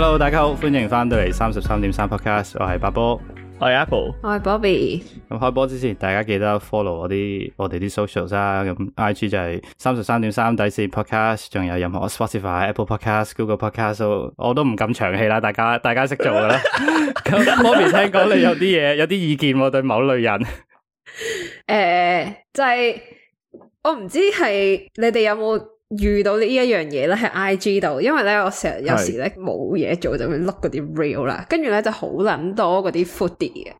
Hello，大家好，歡迎翻到嚟三十三點三 podcast，我係八波，我係 Apple，我係 Bobby。咁開播之前，大家記得 follow 我啲我哋啲 social 啦。咁 IG 就係三十三點三底線 podcast，仲有任何 Spotify、Apple Podcast、Google Podcast 我都唔敢長氣啦。大家大家識做噶啦。咁 Bobby 聽講你有啲嘢，有啲意見、哦、對某類人。誒，就係、是、我唔知係你哋有冇。遇到呢一樣嘢咧，喺 IG 度，因為咧我成日是有時咧冇嘢做就會碌嗰啲 Reel 啦，跟住咧就好撚多嗰啲 foodie 嘅，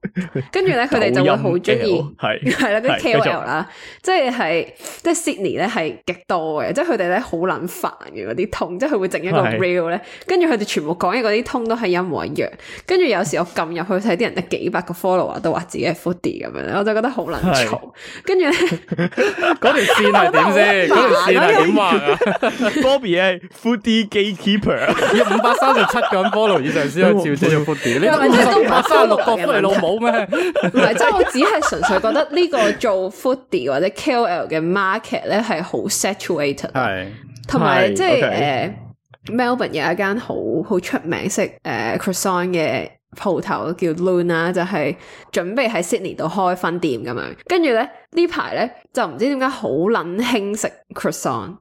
跟住咧佢哋就會好中意係啦啲 KOL 啦，即係即係 Sydney 咧係極多嘅，即係佢哋咧好撚煩嘅嗰啲痛，tone，即係佢會整一個 Reel 咧是，跟住佢哋全部講嘢嗰啲通都係一模一樣，跟住有時我撳入去睇啲人得幾百個 follower 都話自己係 foodie 咁樣，我就覺得好撚嘈，跟住嗰條線係點先？嗰 條線係點畫？ Bobby 係 Foodie Gatekeeper，要五百三十七個人 follow 以上先可以招接做 Foodie。你五百三十六個都係老母咩？唔係，即係我只係純粹覺得呢個做 Foodie 或者 KOL 嘅 market 咧係好 saturated。係，同埋即係誒 Melbourne 有一間好好出名食誒 Croissant 嘅鋪頭叫 Lune，就係準備喺 Sydney 度開分店咁樣。跟住咧呢排咧就唔知點解好撚興食 Croissant。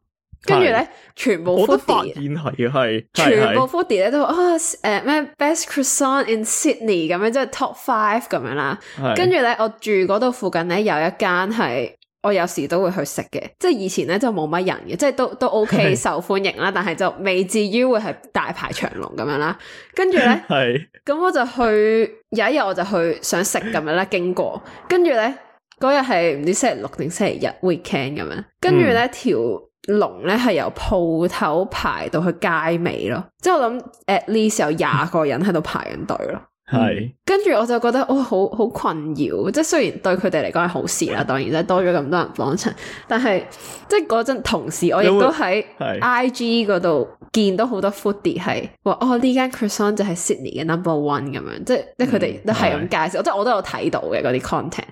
跟住咧，全部 foodie，我都發現係全部 foodie 咧都話啊，誒、哦、咩、呃、best croissant in Sydney 咁樣，即係 top five 咁樣啦。跟住咧，我住嗰度附近咧有一間係我有時都會去食嘅，即係以前咧就冇乜人嘅，即係都都 OK 受歡迎啦，的但係就未至於會係大排長龍咁樣啦。跟住咧，係咁的我就去有一日我就去想食咁樣啦，經過跟住咧嗰日係唔知星期六定星期日 weekend 咁樣，跟住咧條，嗯龍咧係由鋪頭排到去街尾咯，即係我諗 at least 有廿個人喺度排緊隊咯。係，跟住我就覺得哦，好好困擾。即係雖然對佢哋嚟講係好事啦，當然即係多咗咁多人幫襯，但係即係嗰陣同時，我亦都喺 I G 嗰度見到好多 foodie 係話哦，呢間 croissant 就係 Sydney 嘅 number one 咁樣，即係即係佢哋都係咁介紹。即係我都有睇到嘅嗰啲 content，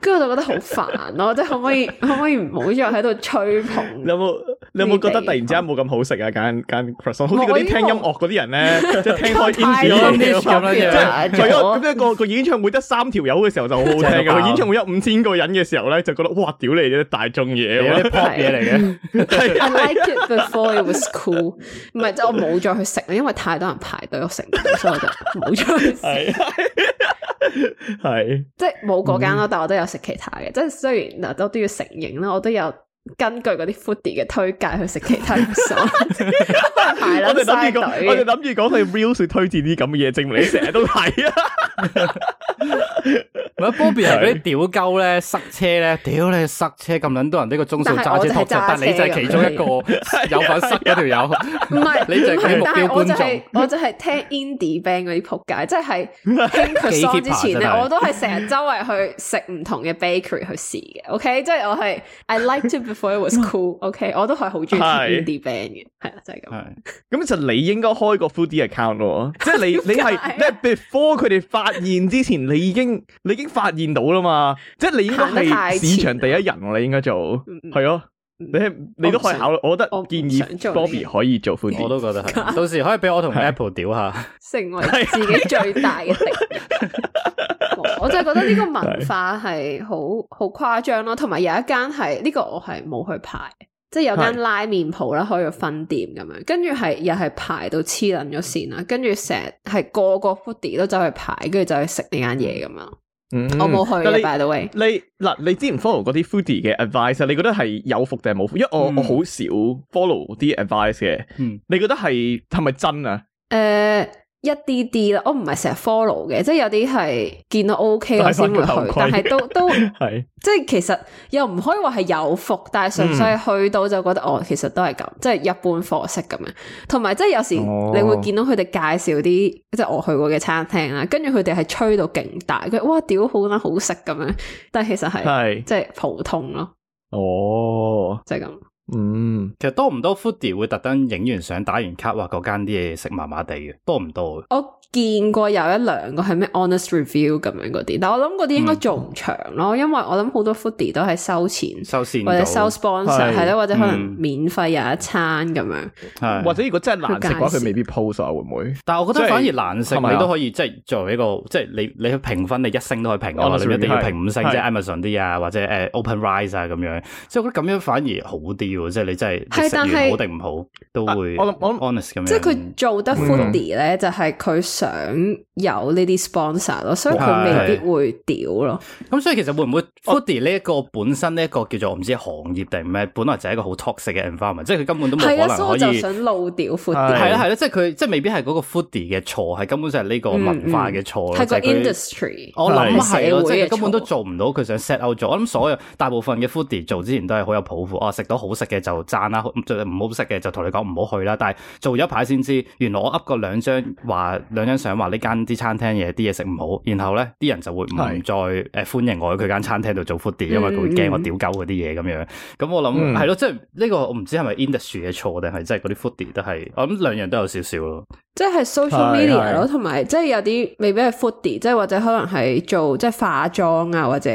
跟住我就覺得好煩咯。即係可唔可以可唔可以唔好再喺度吹捧？你有冇你有冇覺得突然之間冇咁好食啊？間間 croissant 好似啲聽音樂嗰啲人咧，即係聽開 English 咁樣。係咯，咁一個個演唱會得三條友嘅時候就好好聽㗎，佢演唱會有五千個人嘅時候咧，就覺得哇，屌你啲大眾嘢，啲潑嘢嚟嘅。 I like it before it was cool。唔係，即係我冇再去食啦，因為太多人排隊，我食唔到，所以我就冇再去食。係，即係冇嗰間咯，但係我都有食其他嘅。即係雖然嗱，都都要承認啦，我都有。根據嗰啲 foodie 嘅推介，去食其他嘢食。我哋諗住我哋諗住講佢 real 去推薦啲咁嘅嘢，證明你成日都睇啊！唔係，波比係啲屌鳩咧，塞車咧，屌你塞車咁捻多人，呢個鐘數揸車托出，但你就係其中一個有份塞一條友，唔係你就係目標觀眾。我就係聽 indie band 嗰啲仆街，即係聽幾 hit 之前咧，我都係成日周圍去食唔同嘅 bakery 去試嘅。OK，即係我係，I like to。Before it was cool, OK，我都係好中意 indie band 嘅，係啊，就係咁。係，咁就你應該開個 foodie account 咯，即係你你係即係 before 佢哋發現之前，你已經你已經發現到啦嘛，即係你應該係市場第一人，你應該做，係咯，你你都可以考慮，我覺得建議 Bobby 可以做 foodie，我都覺得係，到時可以俾我同 Apple 屌下，成為自己最大嘅敵人。 我就係覺得呢個文化係好好誇張咯，同埋有，有一間係呢、呢個我係冇去，去排，即係、嗯嗯、有間拉麵鋪啦，開咗分店咁樣，跟住係又係排到黐撚咗線啦，跟住成日係個個 foodie 都走去排，跟住就去食呢間嘢咁樣。我冇去。但係你你嗱，你之前 follow 嗰啲 foodie 嘅 advice，你覺得係有福定係冇福？因為我我好少 follow 啲 advice 嘅。嗯。嗯，你覺得係係咪真啊？誒、呃。一啲啲啦，我唔係成日 follow 嘅，即係有啲係見到 O、OK、K 我先會去，但係都都 是即係其實又唔可以話係有福，但係純粹去到就覺得、嗯、哦，其實都係咁，即、就、係、是、一般貨色咁樣。同埋即係有時你會見到佢哋介紹啲、哦、即係我去過嘅餐廳啦，跟住佢哋係吹到勁大，佢哇屌好啦好食咁樣，但係其實係是即係普通咯。哦，就係咁。嗯，其實多唔多 Foodie 會特登影完相打完卡話嗰間啲嘢食麻麻地嘅多唔多？我見過有一兩個係咩 Honest Review 咁樣嗰啲，但我諗嗰啲應該做唔長咯，因為我諗好多 Foodie 都係收錢，收錢或者收 sponsor 係咯，或者可能免費有一餐咁樣。係或者如果真係難食嘅話，佢未必 post 啊，會唔會？但係我覺得反而難食，你都可以即係作為一個即係你你去評分，你一星都可以評啊，你唔一定要評五星，即係 Amazon 啲啊，或者誒 OpenRice 啊咁樣。即係我覺得咁樣反而好啲。即係你真係食完好定唔好，都會我我 honest 咁樣。即係佢做得 foodie 咧，就係佢想有呢啲 sponsor 咯，所以佢未必會屌咯。咁所以其實會唔會 foodie 呢一個本身呢一個叫做唔知行業定咩，本來就係一個好 toxic 嘅 environment，即係佢根本都冇可能可以露屌 foodie。係啦係啦，即係佢即係未必係嗰個 foodie 嘅錯，係根本上係呢個文化嘅錯咯。係個 industry 我諗係咯，即係根本都做唔到佢想 set out 咗。我諗所有大部分嘅 foodie 做之前都係好有抱負，哦，食到好食。嘅就讚啦，唔好食嘅就同你講唔好去啦。但係做咗一排先知，原來我噏過兩張話兩張相話呢間啲餐廳嘢啲嘢食唔好，然後咧啲人就會唔再誒歡迎我去佢間餐廳度做 foodie，是因為佢會驚我屌鳩嗰啲嘢咁樣。咁、嗯、我諗係咯，即係呢個我唔知係咪 industry 嘅錯定係即係嗰啲 foodie 都係，我諗兩樣都有少少咯。即係 social media 咯，同埋即係有啲未必係 foodie，即係或者可能係做即係化妝啊或者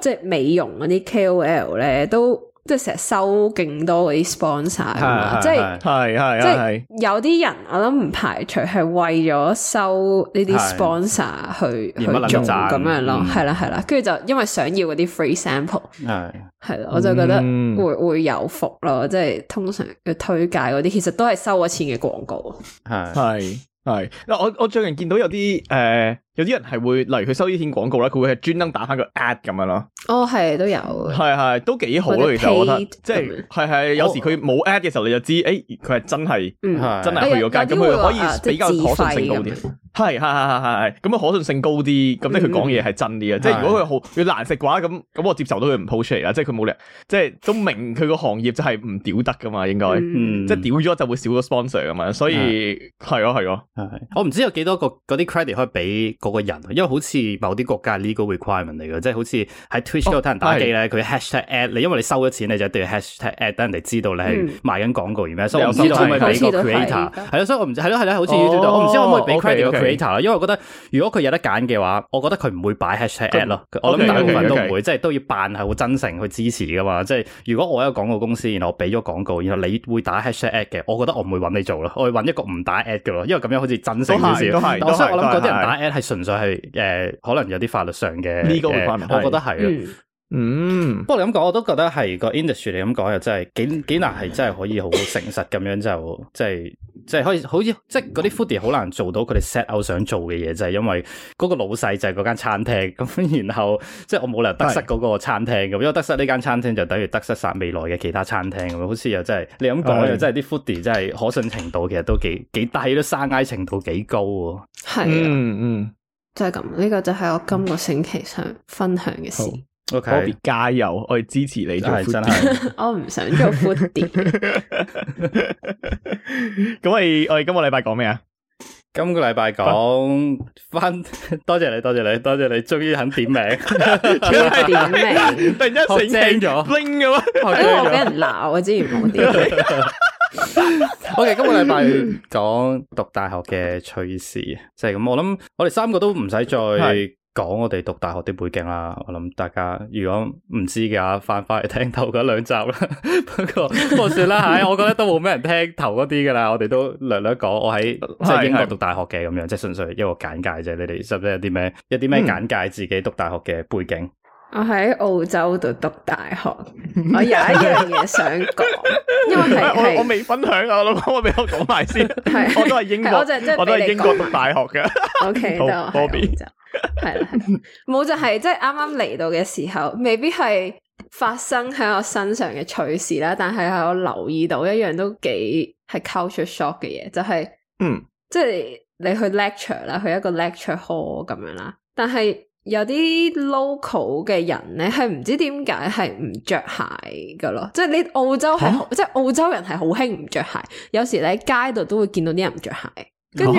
即係美容嗰啲 KOL 咧都。即係成日收勁多嘅 sponsor 啊，即係，係係即係有啲人，我諗唔排除係為咗收呢啲 sponsor 去去做咁樣咯，係啦係啦，跟住就因為想要嗰啲 free sample，係係咯，我就覺得會會有伏咯，即係通常要推介嗰啲，其實都係收咗錢嘅廣告，係係係嗱，我我最近見到有啲誒。有啲人係會，例如佢收呢啲廣告啦，佢會係專登打翻個 ad 咁樣咯。哦，係都有，係係都幾好咯。其實我覺得，即係係係有時佢冇 ad 嘅時候，你就知，誒，佢係真係，真係去咗間，咁佢可以比較可信性高啲。係係係係係，咁啊可信性高啲，咁即係佢講嘢係真啲啊。即係如果佢好佢難食嘅話，咁咁我接受到佢唔 po 出嚟啦。即係佢冇力，即係都明佢個行業就係唔屌得噶嘛，應該，即係屌咗就會少咗 sponsor 咁樣。所以係咯係咯，我唔知有幾多個嗰啲 credit 可以俾嗰個人，因為好似某啲國家 legal requirement 嚟嘅，即係好似喺 Twitch 度有人打機咧，佢 hashtag ad 你，因為你收咗錢，你就一定要 hashtag ad 等人哋知道你係賣緊廣告，而咩，所以我唔知道係俾個 creator，係咯，所以我唔知係咯係咯，好似我唔知可唔可以俾 credit 個 creator 因為我覺得如果佢有得揀嘅話，我覺得佢唔會擺 hashtag ad 咯，我諗大部分都唔會，即係都要扮係好真誠去支持噶嘛，即係如果我有廣告公司，然後我俾咗廣告，然後你會打 hashtag ad 嘅，我覺得我唔會揾你做咯，我會揾一個唔打 ad 嘅咯，因為咁樣好似真誠啲先，我所以諗嗰啲人打 ad 係。純粹係誒、呃，可能有啲法律上嘅呢個嘅關聯，我覺得係。嗯， 不過你咁講，我都覺得係、個 industry 你咁講又真係幾幾難，係真係可以好誠實咁樣就即係即係可以好似即係嗰啲 foodie 好難做到佢哋 set out 想做嘅嘢，就係、是、因為嗰個老細就係嗰間餐廳咁，然後即係我冇理由得失嗰個餐廳咁，是因為得失呢間餐廳就等於得失晒未來嘅其他餐廳咁，好似又真係你咁講又真係啲 foodie 真係可信程度其實都幾幾低，都生挨程度幾高喎。係的，嗯嗯的。 就係咁，呢、這個就係我今個星期想分享嘅事。O、okay, K，我加油，我哋支持你就做 foodie 我唔想做 foodie 咁我我哋今個禮拜講咩啊？今個禮拜講翻， 多謝你，多謝你，多謝你，終於肯點名。 點名， 突然間醒醒咗，拎咁棒，我俾人鬧，我之前冇點。 o、okay, K，今個禮拜講讀大學嘅趣事，即係咁。我諗我哋三個都唔使再講我哋讀大學啲背景啦。是我諗大家如果唔知嘅話，翻翻嚟聽頭嗰兩集啦。 不過，不過算啦，吓， 我覺得都冇咩人聽頭嗰啲噶啦。我哋都略略講，我喺即係英國讀大學嘅咁樣，即係純粹一個簡介啫。你哋使唔使有啲咩，有啲咩簡介，自己讀大學嘅背景。嗯我喺澳洲度讀大學，我有一樣嘢想講，因為係我未分享啊，我老講我俾我講埋先，我都係英國，我都係英國讀大學嘅。OK，好 b o 就係啦，冇就係即係啱啱嚟到嘅時候，未必係發生喺我身上嘅趣事啦，但係我留意到一樣都幾係 culture shock 嘅嘢，就係嗯，即係你去 lecture 啦，去一個 lecture hall 咁樣啦，但係。有啲 local 嘅人咧，係唔知點解係唔着鞋噶咯，即係你澳洲係，即係澳洲人係好興唔着鞋，有時喺街度都會見到啲人唔着鞋，跟住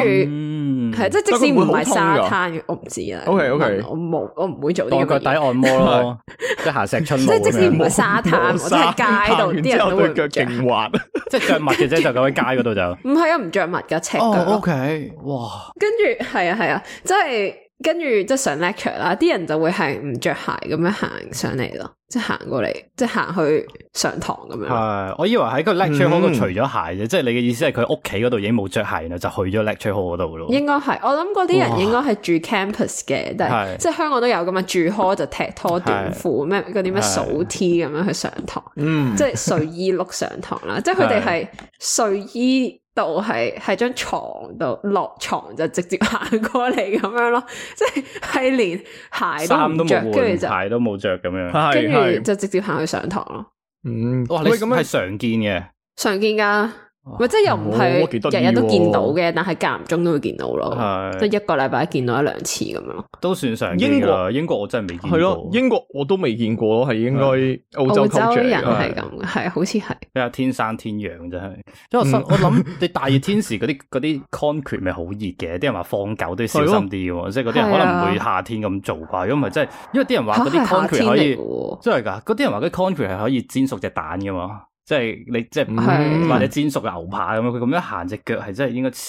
係即係即使唔係沙灘，我唔知啊。OK，OK，我冇我唔會做啲腳底按摩咯，即係行石春路，即係即使唔係沙灘，即係街度啲人都對腳勁滑，即係着襪嘅啫？就咁喺街嗰度就唔係啊，唔着襪嘅赤腳。OK，哇，跟住係啊係啊，即係。跟住即上 lecture 啦，啲人就會係唔着鞋咁樣行上嚟咯，即行過嚟，即行去上堂咁樣。係，我以為喺個 lecture hall 度除咗鞋嘅，即係你嘅意思係佢屋企嗰度已經冇着鞋啦，就去咗 lecture hall 嗰度咯。應該係，我諗嗰啲人應該係住 campus 嘅，但係即香港都有噶嘛，住 hall 就踢拖短褲咩嗰啲咩數 T 咁樣去上堂，嗯， 即睡衣碌上堂啦，即佢哋係睡衣。度係喺張床度落床就直接行過嚟咁樣咯，即係係連鞋衫都冇着，跟住就鞋都冇着咁樣，跟住就直接行去上堂咯。嗯，哇，你咁樣係常見嘅？哦，你常見噶。唔係，即係又唔係日日都見到嘅，但係間唔中都會見到咯。係即係一個禮拜見到一兩次咁樣咯。都算常見啊！英國我真係未見咯，英國我都未見過，係應該澳洲啲人係咁，係好似係。比較天生天養真係，因為我諗你大熱天時嗰啲啲 concrete 咪好熱嘅，啲人話放狗都要小心啲喎，即係嗰啲人可能唔會夏天咁做啩。如果唔係真係，因為啲人話嗰啲 concrete 可以真係㗎，啲人話啲 concrete 係可以煎熟隻蛋嘅嘛。即係你即係唔係或者煎熟牛排咁樣，佢咁樣行隻腳係真係應該超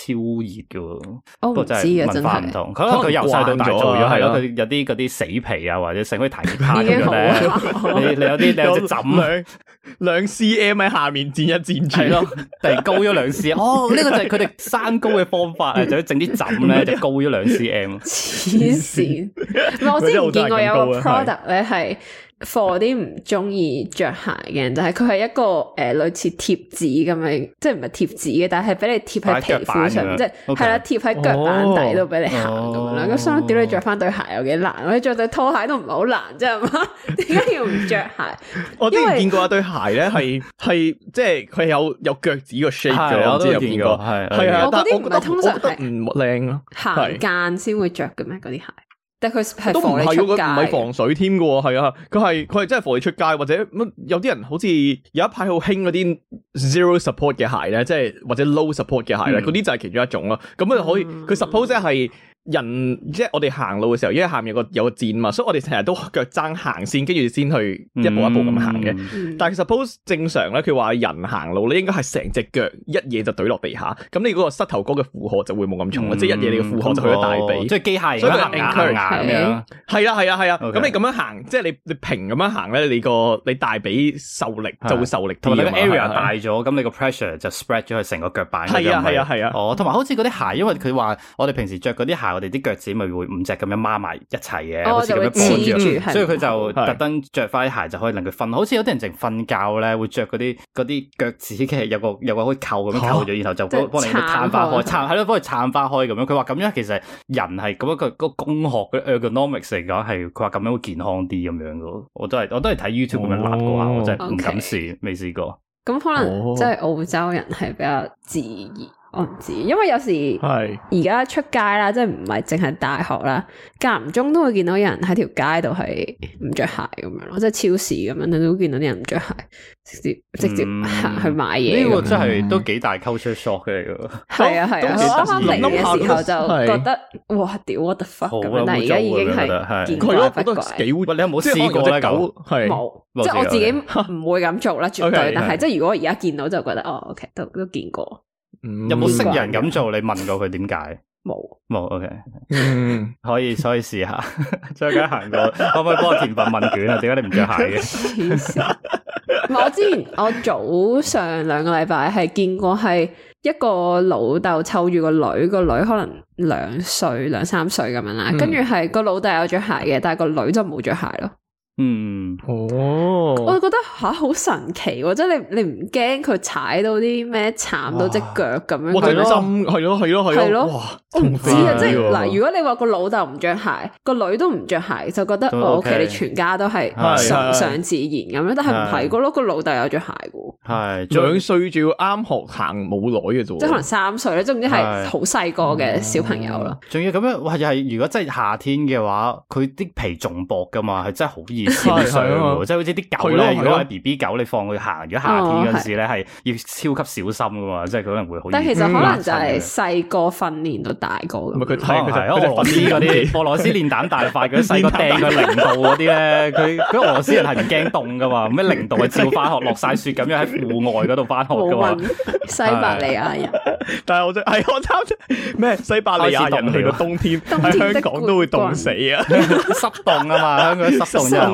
熱嘅。哦，知啊，真係文化唔同。可能佢由細到大，做咗係咯，有啲嗰啲死皮啊，或者剩佢蹄叉咁樣。你你有啲你隻枕兩兩 cm 喺下面墊一墊，住咯，突然高咗兩 cm。哦，呢個就係佢哋生高嘅方法啊，就整啲枕咧就高咗兩 cm。黐線！我之前見過有個 product 咧係。for 啲唔中意着鞋嘅人，就係佢係一個誒類似貼紙咁樣，即係唔係貼紙嘅，但係俾你貼喺皮膚上，即係係啦，貼喺腳板底度俾你行咁樣。咁所以你着翻對鞋有幾難，你着對拖鞋都唔係好難，啫，係嘛？點解要唔着鞋？我之前見過一對鞋咧，係係即係佢有有腳趾個 shape，我都見過，係係啊。但係我我覺得唔靚咯。行間先會着嘅咩？嗰啲鞋？都唔係喎，佢唔係防水添㗎喎，係啊，佢係佢係真係防你出街，或者乜有啲人好似有一排好興嗰啲 zero support 嘅鞋咧，即係或者 low support 嘅鞋咧，嗰啲、嗯、就係其中一種咯。咁啊可以，佢 suppose 係。人即係我哋行路嘅時候，因為下面有個有個墊嘛，所以我哋成日都腳踭行先，跟住先去一步一步咁行嘅。但係 suppose 正常咧，佢話人行路咧，應該係成隻腳一嘢就懟落地下，咁你嗰個膝頭哥嘅負荷就會冇咁重，即係一嘢你嘅負荷就去咗大髀，即係機械，所以個 area 係啊係啊係啊，咁你咁樣行，即係你你平咁樣行咧，你個你大髀受力就會受力同埋個 area 大咗，咁你個 pressure 就 spread 咗去成個腳板。係啊係啊係啊，哦，同埋好似嗰啲鞋，因為佢話我哋平時着嗰啲鞋。我哋啲腳趾咪會五隻咁樣孖埋一齊嘅，好似俾佢包住，所以佢就特登着翻鞋就可以令佢瞓。是好似有啲人淨瞓覺咧，會着嗰啲啲腳趾嘅有個有個好似扣咁樣扣咗，哦、扣然後就幫你去撐開撐，係咯、哦就是，幫佢撐開咁樣。佢話咁樣其實人係咁一個工學嘅 ergonomics 嚟講係，佢話咁樣會健康啲咁樣嘅。我都係我都係睇 YouTube 咁樣嘅過，我，話、哦、我真係唔敢試，未 okay 試過。咁可能即係澳洲人係比較自然。我唔知，因為有時而家出街啦，即係唔係淨係大學啦，間唔中都會見到有人喺條街度係唔着鞋咁樣咯，即係超市咁樣，你都見到啲人唔着鞋，直接直接去買嘢。呢個真係都幾大 culture shock 嘅，係啊係啊。啱啱嚟嘅時候就覺得哇，屌 what the fuck 咁樣，而家已經係，係佢都覺得幾污糟。你有冇試過咧？狗冇，即係我自己唔會咁做啦，絕對。但係即係如果而家見到就覺得哦，OK 都都見過。嗯、有冇識人咁做？你問過佢點解？冇冇了？OK，、嗯、可以，所以試下。 再近行過可唔可以幫我填份問卷啊？點解你唔着鞋嘅？ 黐線！我之前我早上兩個禮拜係見過係一個、嗯、個老豆湊住個女，個女可能兩歲兩三歲咁樣啦，跟住係個老豆有着鞋嘅，但係個女就冇着鞋咯。嗯，哦，我就覺得吓好神奇喎！即係你你唔驚佢踩到啲咩，慘到隻腳咁樣，或者個心係咯係咯係咯，我唔知啊！即係嗱，如果你話個老豆唔着鞋，個女都唔着鞋，就覺得我屋企你全家都係崇尚自然咁樣，但係唔係個咯，個老豆有着鞋嘅，係兩歲仲要啱學行冇耐嘅啫，即係可能三歲咧，即唔知係好細個嘅小朋友啦。仲要咁樣，哇！又係如果真係夏天嘅話，佢啲皮仲薄噶嘛，係真係好熱。即係好似啲狗咧，如果係 BB 狗，你放佢行，如果夏天嗰陣時咧，係要超級小心噶嘛。即係佢可能會好易跌，但其實可能就係細個訓練到大個咁。唔係佢，佢就係俄羅斯嗰啲，俄羅斯練膽大塊，嗰細個掟個零度嗰啲咧，佢嗰俄羅斯人係唔驚凍噶嘛？咩零度係照翻學落晒雪咁樣喺戶外嗰度翻學噶嘛？西伯利亞人，但係我真係我真咩西伯利亞人去到冬天喺香港都會凍死啊！濕凍啊嘛，香港濕凍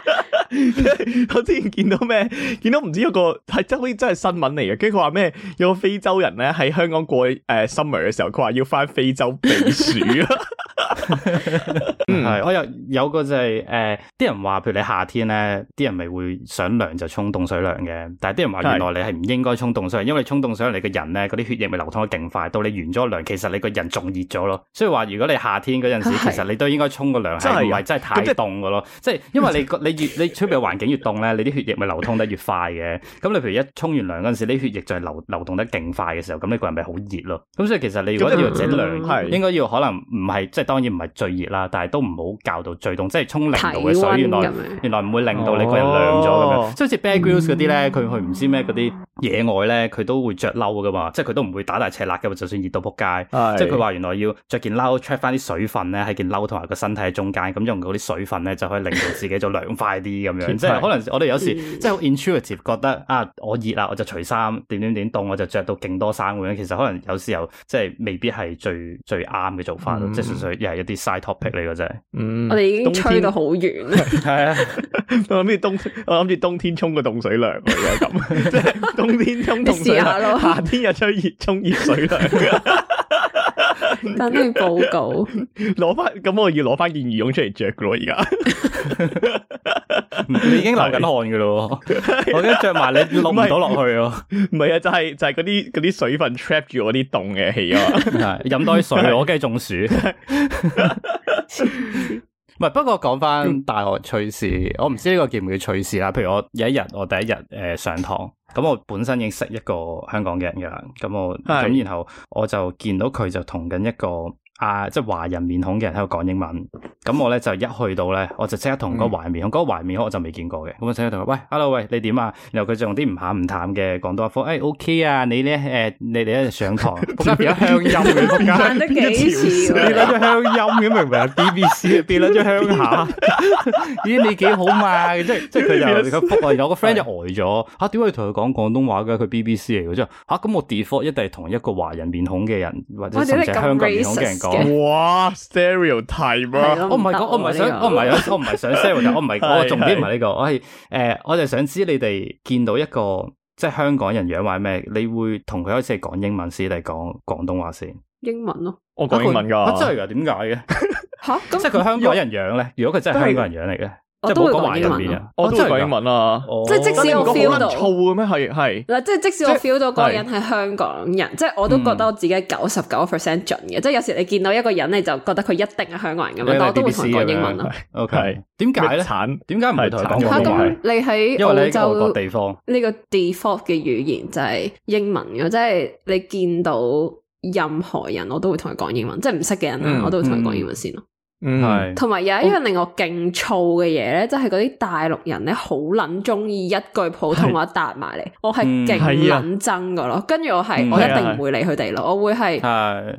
我之前見到咩？見到唔知有一個係真好似真係新聞嚟嘅，跟住佢話咩？有個非洲人咧喺香港過誒 summer 嘅時候，佢話要翻非洲避暑咯。係我又有，有個就係、是、誒，啲、呃、人話譬如你夏天咧，啲人咪會想涼就沖凍水涼嘅。但係啲人話原來你係唔應該沖凍水涼，因為你沖凍水涼你個人咧嗰啲血液咪流通得勁快，到你完咗涼，其實你個人仲熱咗咯。所以話如果你夏天嗰陣時，的其實你都應該沖個涼，係因為真係太凍噶咯。即係因為你個你越你。 出邊環境越凍咧，你啲血液咪流通得越快嘅。咁你譬如一沖完涼嗰陣時，啲血液就係流流動得勁快嘅時候，咁你個人咪好熱咯。咁所以其實你如果要整涼，嗯、應該要可能唔係，即係當然唔係最熱啦，但係都唔好較到最凍，即係沖零度嘅水。原來原來唔會令到你個人涼咗。咁樣，即好似 Bad Girls 嗰啲咧，佢去唔知咩嗰啲野外咧，佢都會着褸噶嘛，即係佢都唔會打大赤辣噶嘛，就算熱到撲街。是即係佢話原來要着件褸 check 翻啲水分咧，喺件褸同埋個身體喺中間，咁用嗰啲水分咧就可以令到自己就涼快啲 咁樣，即係可能我哋有時、嗯、即係好 intuitive 覺得啊，我熱啦，我就除衫；點點點凍，我就着到勁多衫咁樣。其實可能有時候即係未必係最最啱嘅做法咯。嗯、即係純粹又係一啲 side topic 嚟嘅啫。嗯，天我哋已經吹到好遠。係啊， 我諗住冬，我諗住冬天衝個凍水涼，有咁。即係冬天衝凍水涼，夏天又吹熱，衝熱水涼。 等你報告，攞翻，咁我要攞翻件羽絨出嚟着嘅咯，而家你已經流緊汗嘅咯， 我而家着埋你錄唔到落去啊，唔係啊，就係、是、就係嗰啲啲水分 trap 住我啲凍嘅氣啊，飲多啲水， 我梗係中暑。 不過講翻大學趣事，嗯、我唔知呢個叫唔叫趣事啦。譬如我有一日，我第一日誒、呃、上堂，咁我本身已經認識一個香港人嘅啦，咁我咁是然後我就見到佢就同緊一個。啊！即係華人面孔嘅人喺度講英文，咁我咧就一去到咧，我就即刻同個華人面孔，嗰個華人面孔我就未見過嘅，咁我即刻同佢喂，hello，喂，你點啊？然後佢就用啲唔鹹唔淡嘅廣東話講，誒 OK 啊，你咧誒，你哋咧上堂，咁而家鄉音嘅，變得幾似，變咗個鄉音嘅，明明係 BBC 變咗個鄉下，咦？你幾好嘛？即係即係佢就而家復啊！有個 friend 就呆咗嚇，點會同佢講廣東話嘅？佢 BBC 嚟嘅啫嚇，咁我 default 一定係同一個華人面孔嘅人，或者甚至係香港面孔嘅人講。S 哇 type、啊、stereotype 嘛？Oh、my God，我唔係講，我唔係想，我唔係 我唔係想 type, stereotype 我唔係，我重點唔係呢個，我係誒、呃，我就想知你哋見到一個即係香港人樣話咩？你會同佢開始係講英文先定係講廣東話先？英文咯、啊，我講英文㗎，真係㗎，點解嘅？嚇 ， 即係佢香港人樣咧？如果佢真係香港人樣嚟嘅？我都會講英文，嘅。我都講英文啊！哦、文啊即即使我 feel 到，臭嘅咩？係係嗱，即即使我 feel 到嗰人係香港人，嗯、即我都覺得我自己九十九 percent 準嘅。嗯、即有時你見到一個人，你就覺得佢一定係香港人咁樣，嗯、但我都會同佢講英文咯、啊。OK，點解咧？慘點解唔同佢講你喺嚇，咁你喺澳洲呢個 default 嘅語言就係英文嘅，即係你見到任何人，我都會同佢講英文。嗯、即唔識嘅人我都會同佢講英文先咯。嗯嗯。係。同埋有一樣令我勁燥嘅嘢咧，即係嗰啲大陸人咧，好撚中意一句普通話答埋嚟。我係勁撚憎噶咯，跟住我係，我一定唔會理佢哋咯。我會係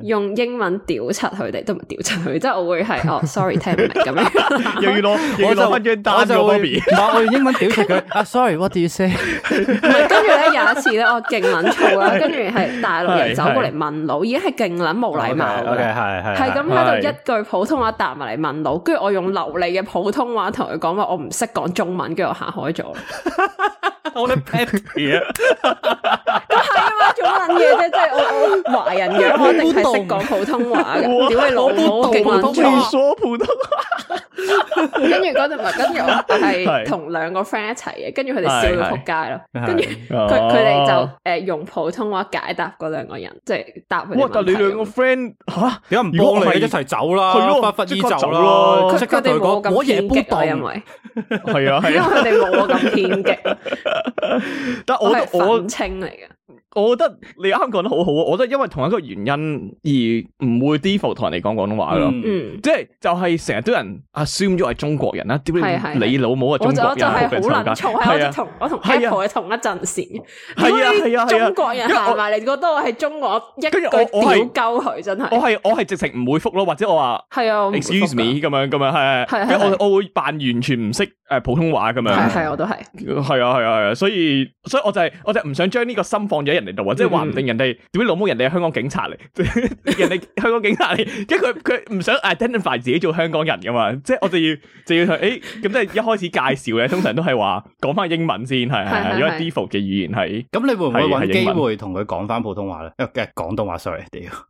用英文屌柒佢哋，都唔屌柒佢，即係我會係哦，sorry，聽唔明咁樣。又要攞，我就我就會，我用英文屌柒佢。啊，sorry，what do you say？跟住咧有一次咧，我勁捻燥啦，跟住係大陸人走過嚟問路，已經係勁捻冇禮貌噶係係咁喺度一句普通話答。埋嚟問路，跟住我用流利嘅普通話同佢講話，我唔識講中文，跟住我行開咗。 新嘢啫，即係我我華人嘅，我一定係識講普通話嘅。點會老母極難聽？跟住嗰陣，跟住我係同兩個 friend 一齊嘅，跟住佢哋笑到仆街咯。跟住佢佢哋就誒用普通話解答嗰兩個人，即係答佢哋。哇！但你兩個 friend 吓，點解唔幫你一齊走啦，去巴伐利亞走啦。佢哋冇咁偏激，係啊，係啊，因為佢哋冇我咁偏激。但係我係憤青嚟嘅，我覺得。你啱講得好好啊！我都因為同一個原因而唔會 default 同人哋講廣東話咯，即係就係成日都有人 assume 咗係中國人啦。點解你老母啊！我就我就係好難錯，係我同我同 Apple 嘅同一陣線。係啊係啊係啊！中國人行埋嚟，你覺得我係中國一個屌鳩佢真係。我係我係直情唔會覆咯，或者我話係啊，excuse me 咁樣咁樣係係。我我會扮完全唔識。係普通話咁樣，係啊我都係，係啊係啊係啊，所以所以我就係我就唔想將呢個心放咗人哋度啊，即係話唔定人哋點解老母人哋係香港警察嚟，人哋香港警察嚟，即係佢佢唔想 identify 自己做香港人噶嘛，即係我就要就要誒咁即係一開始介紹咧，通常都係話講翻英文先，係係係，因為 default 嘅語言係。咁你會唔會揾機會同佢講翻普通話咧？因為廣東話 Sorry，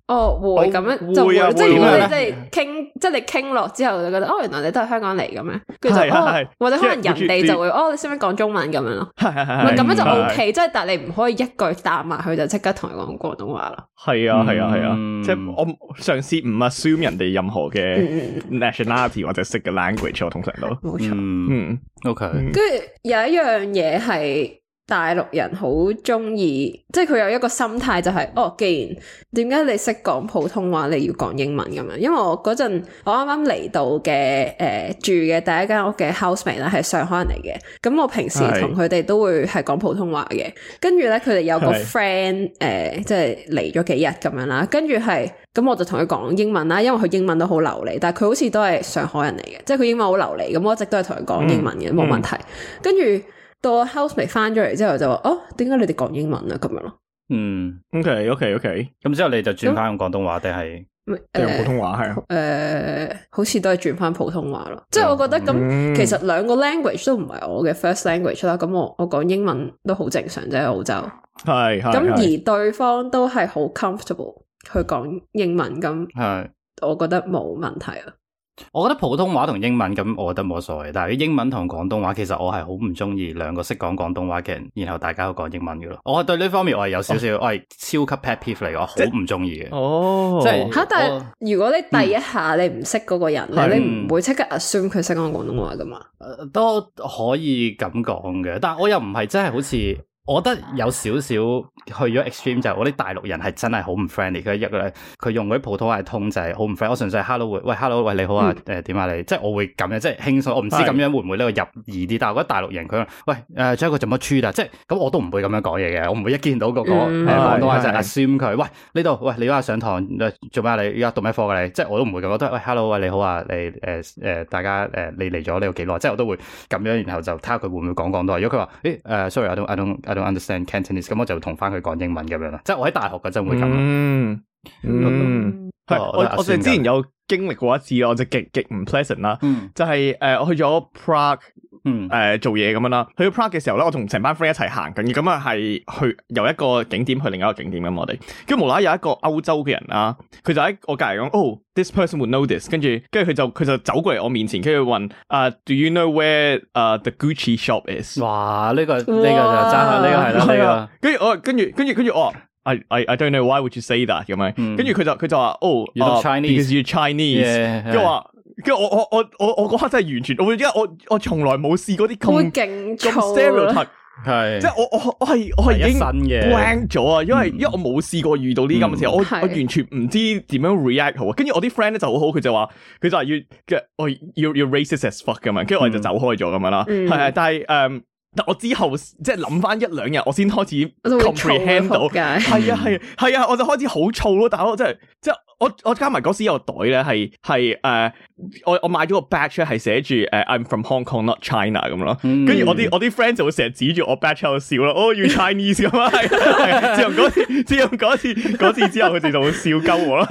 哦會咁樣會啊，即係如果你即係傾，即係你傾落之後就覺得哦，原來你都係香港嚟嘅咩？係係。可能人哋就會 哦，你識唔識講中文咁樣咯？係係係，咁樣就 OK。即係，但係你唔可以係係係一句答埋佢，就即刻同佢講廣東話咯。係啊係、嗯、啊係啊，啊！即係我嘗試唔 assume、嗯、人哋任何嘅 nationality 或者識嘅 language。我通常都冇錯。嗯，OK。跟住有一樣嘢係。大陸人好中意，即係佢有一個心態就係、是，哦，既然點解你識講普通話，你要講英文咁樣？因為我嗰陣我啱啱嚟到嘅誒、呃、住嘅第一間屋嘅 housemate 咧係上海人嚟嘅，咁我平時同佢哋都會係講普通話嘅，跟住咧佢哋有個 friend 誒即係嚟咗幾日咁樣啦，跟住係咁我就同佢講英文啦，因為佢英文都好流利，但係佢好似都係上海人嚟嘅，即係佢英文好流利，咁我一直都係同佢講英文嘅冇、嗯嗯、問題，跟住。到我 housemate 翻咗嚟之後就話哦，點解你哋講英文啊咁樣咯？嗯，OK OK OK，咁之後你就轉翻用廣東話定係用普通話係啊？誒、呃呃，好似都係轉翻普通話咯。嗯、即係我覺得咁，其實兩個 language 都唔係我嘅 first language 啦。咁我我講英文都好正常啫，喺澳洲係。咁而對方都係好 comfortable 去講英文咁，係，我覺得冇問題啊。我覺得普通話同英文咁，我覺得冇所謂。但係英文同廣東話，其實我係好唔中意兩個識講廣東話嘅人，然後大家都講英文嘅咯。我係對呢方面我係有少少，哦、我係超級 pet peeve 嚟，我好唔中意嘅。哦，即係吓，但係、哦、如果你第一下你唔識嗰個人、嗯、你唔會即刻 assume 佢識講廣東話噶嘛、嗯嗯呃？都可以咁講嘅，但係我又唔係真係好似，我覺得有少少。去咗 extreme 就係我啲大陸人係真係好唔 friendly，佢一個咧，佢用嗰啲普通話 tone 就好唔 friendly。我純粹係 hello 喂，hello 喂你好啊，誒點啊你？即係我會咁樣，即係輕鬆。我唔知咁樣會唔會咧入耳啲，但係我覺得大陸人佢，喂誒，再一個做乜粗啦？即係咁我，是我、呃啊、我都唔會咁樣講嘢嘅，我唔會一見到、嗰個個講多就 assume 是是佢，喂呢度，喂你依家上堂做咩你依家讀咩科㗎你？即係我都唔會咁，我都喂 hello 喂你好啊，你誒誒、呃、大家誒、呃呃呃呃、你嚟咗呢度幾耐？即係我都會咁樣，然後就睇下佢會唔會講講多。如果佢話誒 sorry I don't I don't I don't understand Cantonese，咁我就同翻。去講英文咁樣啦，即係我喺大學嘅真會咁。嗯嗯，係，我我哋之前有經歷過一次，我就極極唔 pleasant 啦。嗯、就係、是、誒、呃、我去咗 Prague 嗯，誒，做嘢咁樣啦，去去 Prague 嘅時候咧，我同成班 friend 一齊行緊，咁啊係去由一個景點去另一個景點咁，我哋，跟住無啦啦有一個歐洲嘅人啊，佢就喺我隔籬講，哦，this person will know this，跟住跟住佢就佢就走過嚟我面前，跟住問，啊，do you know where 啊 the Gucci shop is？哇，呢個呢個就真係呢個係啦呢個，跟住我跟住跟住跟住哦，I I I don't know why would you say that 咁樣，跟住佢就佢就話，哦，Chinese，因為 Chinese，跟點啊？跟住我我我我我嗰刻真係完全，我依家我從會 Dak ar 我從來冇試過啲咁勁錯咧，係即係我我我係我係已經 ban 咗啊。因為、嗯、因為我冇試過遇到呢啲咁嘅事，嗯、我我完全唔知點樣 react 好啊。跟住我啲 friend 咧就好好，佢就話佢就話 you 嘅我 you，you。racist as fuck 咁啊，跟住我哋就走開咗咁樣啦。係啊、嗯嗯，但係誒，um, 但我之後即係諗翻一兩日，我先開始 comprehend 到，係啊係係啊，我就開始好燥咯。但係我真係即係。即即我我加埋嗰時有個袋咧，係係誒，我我買咗個 batch 係寫住誒，I'm from Hong Kong not China 咁咯。跟住、嗯、我啲我啲 friend 就會成日指住我 batch 喺度笑咯，哦，要 Chinese 咁啊！自從嗰次自從嗰次次之後佢哋就會笑鳩我啦。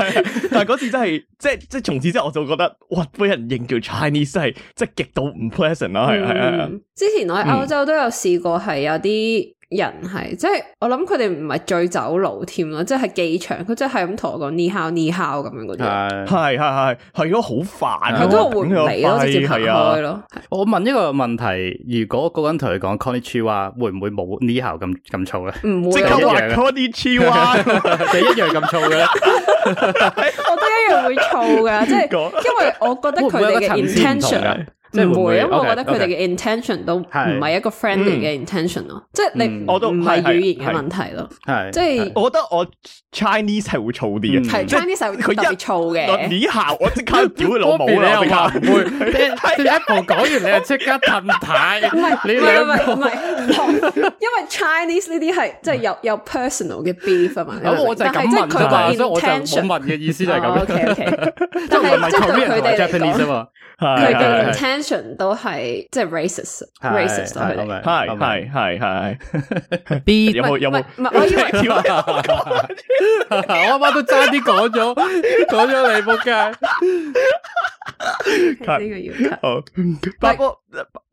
但係嗰次真係即即從此之後我就覺得哇，俾人認叫 Chinese 真係即極度唔 pleasant 啦，係係係。之前我喺歐洲都有試過係有啲。人係即係我諗佢哋唔係醉酒佬添咯，即係機場佢即係咁同我講你好你好咁樣嗰啲係係係係如果好煩、啊，佢都換嚟咯直接開咯。是啊、是我問一個問題，如果嗰個人同你講 Konnichiwa，會唔會冇你好咁咁燥咧？唔會，即係 Konnichiwa，你一會 樣咁燥咧？ 我都一樣會燥嘅，即係 因為我覺得佢哋嘅 intention。即係唔會，因為我覺得佢哋嘅 intention 都唔係一個 friendly 嘅 intention 咯。即係你，我都唔係語言嘅問題咯。係，即係我覺得我 Chinese 係會躁啲嘅，係 Chinese 係會特別躁嘅。你嚇，我即刻屌老母啦！我話唔會，你一步講完你就即刻褪軚。唔係，唔係，唔係，唔同。因為 Chinese 呢啲係即係有有 personal 嘅 beef 啊嘛。咁我就係咁問啫嘛。所以我就我問嘅意思就係咁。O K O K，但係即係對佢哋講啫嘛，係嘅。聽。都係即係 racist，racist 係係係是係 B 有冇有冇？唔係我因為我阿媽都差啲講咗講咗你仆街，呢 個要 cut，不過。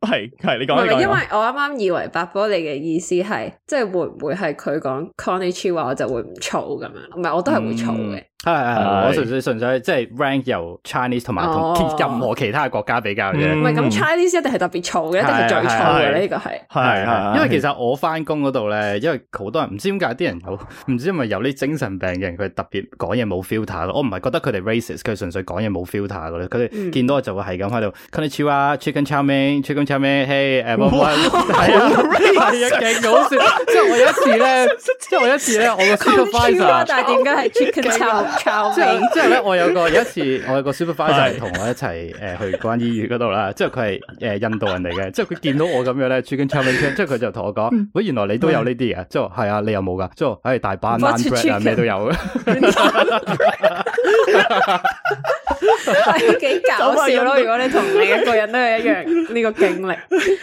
係係你講，唔是說因為我啱啱以為八哥你嘅意思係，即係會唔會係佢講 Konnichiwa 話我就會唔嘈咁樣？唔係我都係會嘈嘅。係係、嗯、是我純粹純粹即係、就是、rank 由 Chinese 同埋同、哦、任何其他國家比較嘅。唔係咁 Chinese 一定係特別嘈嘅，一定係最嘈嘅呢個係。係係因為其實我翻工嗰度咧，因為好多人唔知點解啲人有，唔知因為有啲精神病嘅人佢特別講嘢冇 filter 咯。我唔係覺得佢哋 racist，佢純粹講嘢冇 filter 噶咧。佢哋見到我就會係咁喺度 Konnichiwa 啊 chicken chow mein、um？出咁臭味氣，誒，冇錯啊，係一勁，我好笑。即係我有一次咧，即係我有一次咧，我個 supervisor 但係點解係出 c 臭臭味？即係咧，我有個有一次，我有個 supervisor 同我一齊誒去嗰間醫院嗰度啦。即係佢係誒印度人嚟嘅。即係佢見到我咁樣咧，出咁臭味氣，即係佢就同我講：喂，原來你都有呢啲嘅。即係，係啊，你有冇噶？即係，係大班 friend 啊，咩都有。係幾、 哎、搞笑咯！如果你同你一個人都係一樣呢 個經歷，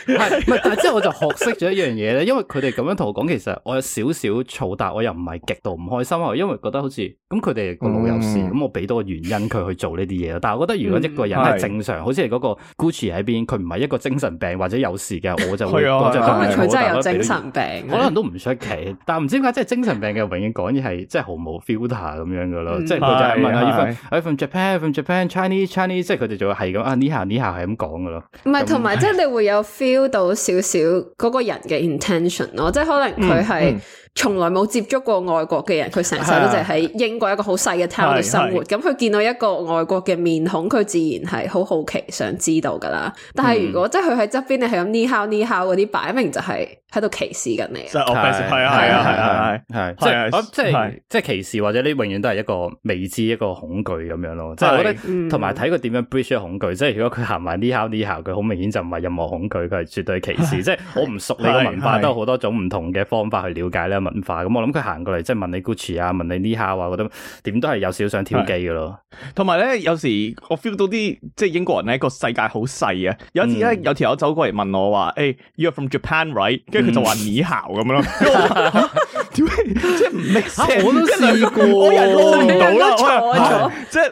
係係？ 但係之後我就學識咗一樣嘢咧，因為佢哋咁樣同我講，其實我有少少嘈，但我又唔係極度唔開心啊，因為覺得好似。咁佢哋個腦有事，咁我俾多個原因佢去做呢啲嘢咯。但係我覺得如果一個人係正常，好似係嗰個 Gucci 喺邊，佢唔係一個精神病或者有事嘅，我就會。係啊。可能佢真係有精神病，可能都唔出奇。但係唔知點解，即係精神病嘅，永遠講嘢係即係毫無 filter 咁樣噶咯。即係佢就問啊，要翻，I from Japan, from Japan, Chinese, Chinese，即係佢哋就係咁啊呢下呢下係咁講噶咯。唔係，同埋即係你會有 feel 到少少嗰個人嘅 intention 咯，即係可能佢係。從來冇接觸過外國嘅人，佢成世都就喺英國一個好細嘅 town 度生活。咁佢見到一個外國嘅面孔，佢自然係好好奇，想知道㗎啦。但係如果即係佢喺側邊，你係咁你好你好嗰啲，擺明就係喺度歧視緊你。即係啊係啊係啊係，即係即係歧視，或者你永遠都係一個未知一個恐懼咁樣咯。即係我覺得同埋睇佢點樣 breach 嘅恐懼。即係如果佢行埋你好你好，佢好明顯就唔係任何恐懼，佢係絕對歧視。即係我唔熟你嘅文化，都好多種唔同嘅方法去了解咧。文化咁，我諗佢行過嚟，即係問你 Gucci 啊，問你 Nihao 啊，覺得點都係有少少想挑機噶咯。同埋咧，有時我 feel 到啲即係英國人咧個世界好細啊。有一次咧，有條友走過嚟問我話，誒、嗯 hey，you're from Japan right？跟住佢就話 Nihao 咁樣咯、 哎啊。 即係唔識，我、啊、都試過，我人攞唔到啦，哎、了即係。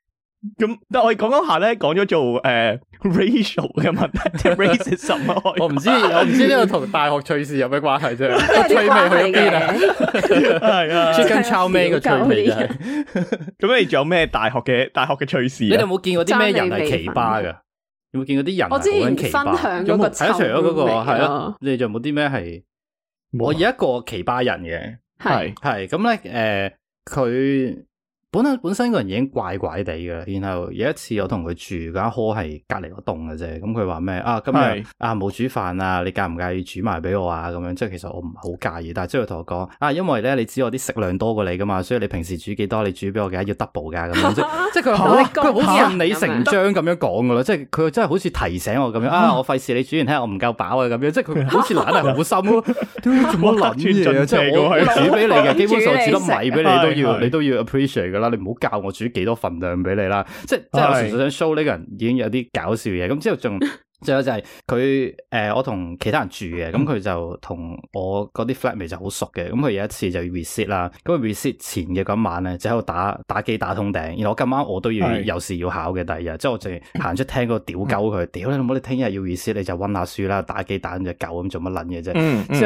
咁，但係我哋講講下咧，講咗做誒、uh, racial 嘅問題，racism 咯。我唔知，我唔知呢個同大學趣事有咩關係啫。趣味嚟嘅，係 啊，出緊臭味嘅趣味啊。咁你仲有咩大學嘅大學嘅趣事？ 有趣事你哋有冇見過啲咩人係奇葩㗎？有冇見過啲人？我之前分享咁，係咯，除咗嗰個係啊，你哋仲有冇啲咩係？哇我有一個奇葩人嘅，係係咁咧。誒是，佢。本啊，本身個人已經怪怪地嘅，然後有一次我同佢住，一科係隔籬個棟嘅啫。咁佢話咩啊？今日啊冇煮飯啊？你介唔介意煮埋俾我啊？咁樣，即係其實我唔係好介意，但係之後同我講啊，因為咧你，你知我啲食量多過你噶嘛，所以你平時煮幾多你煮俾我嘅要 double 噶咁樣，即係佢佢好順理成章咁樣講噶咯，即係佢真係好似提醒我咁樣啊！我費事你煮完睇下我唔夠飽啊咁樣，即係佢好似懶好心咯。做乜捻嘢啊？即、就是、煮俾你嘅，基本上我煮粒米俾你都要你都要 appreciate 嘅。你唔好教我煮幾多份量俾你啦，即係即係我純粹想 show 呢個人已經有啲搞笑嘢。咁之後仲仲有就係佢誒，我同其他人住嘅，咁佢就同我嗰啲 flatmate 就好熟嘅。咁佢有一次就要 reset 啦，咁佢 reset 前嘅嗰晚咧，就喺度打打機打通頂。然後我咁啱我都要有事要考嘅第二日，即係是我仲行出廳嗰度屌鳩佢，屌、嗯、你冇你聽日要 reset，你就溫下書啦，打機打緊就夠，咁做乜撚嘢啫？嗯嗯。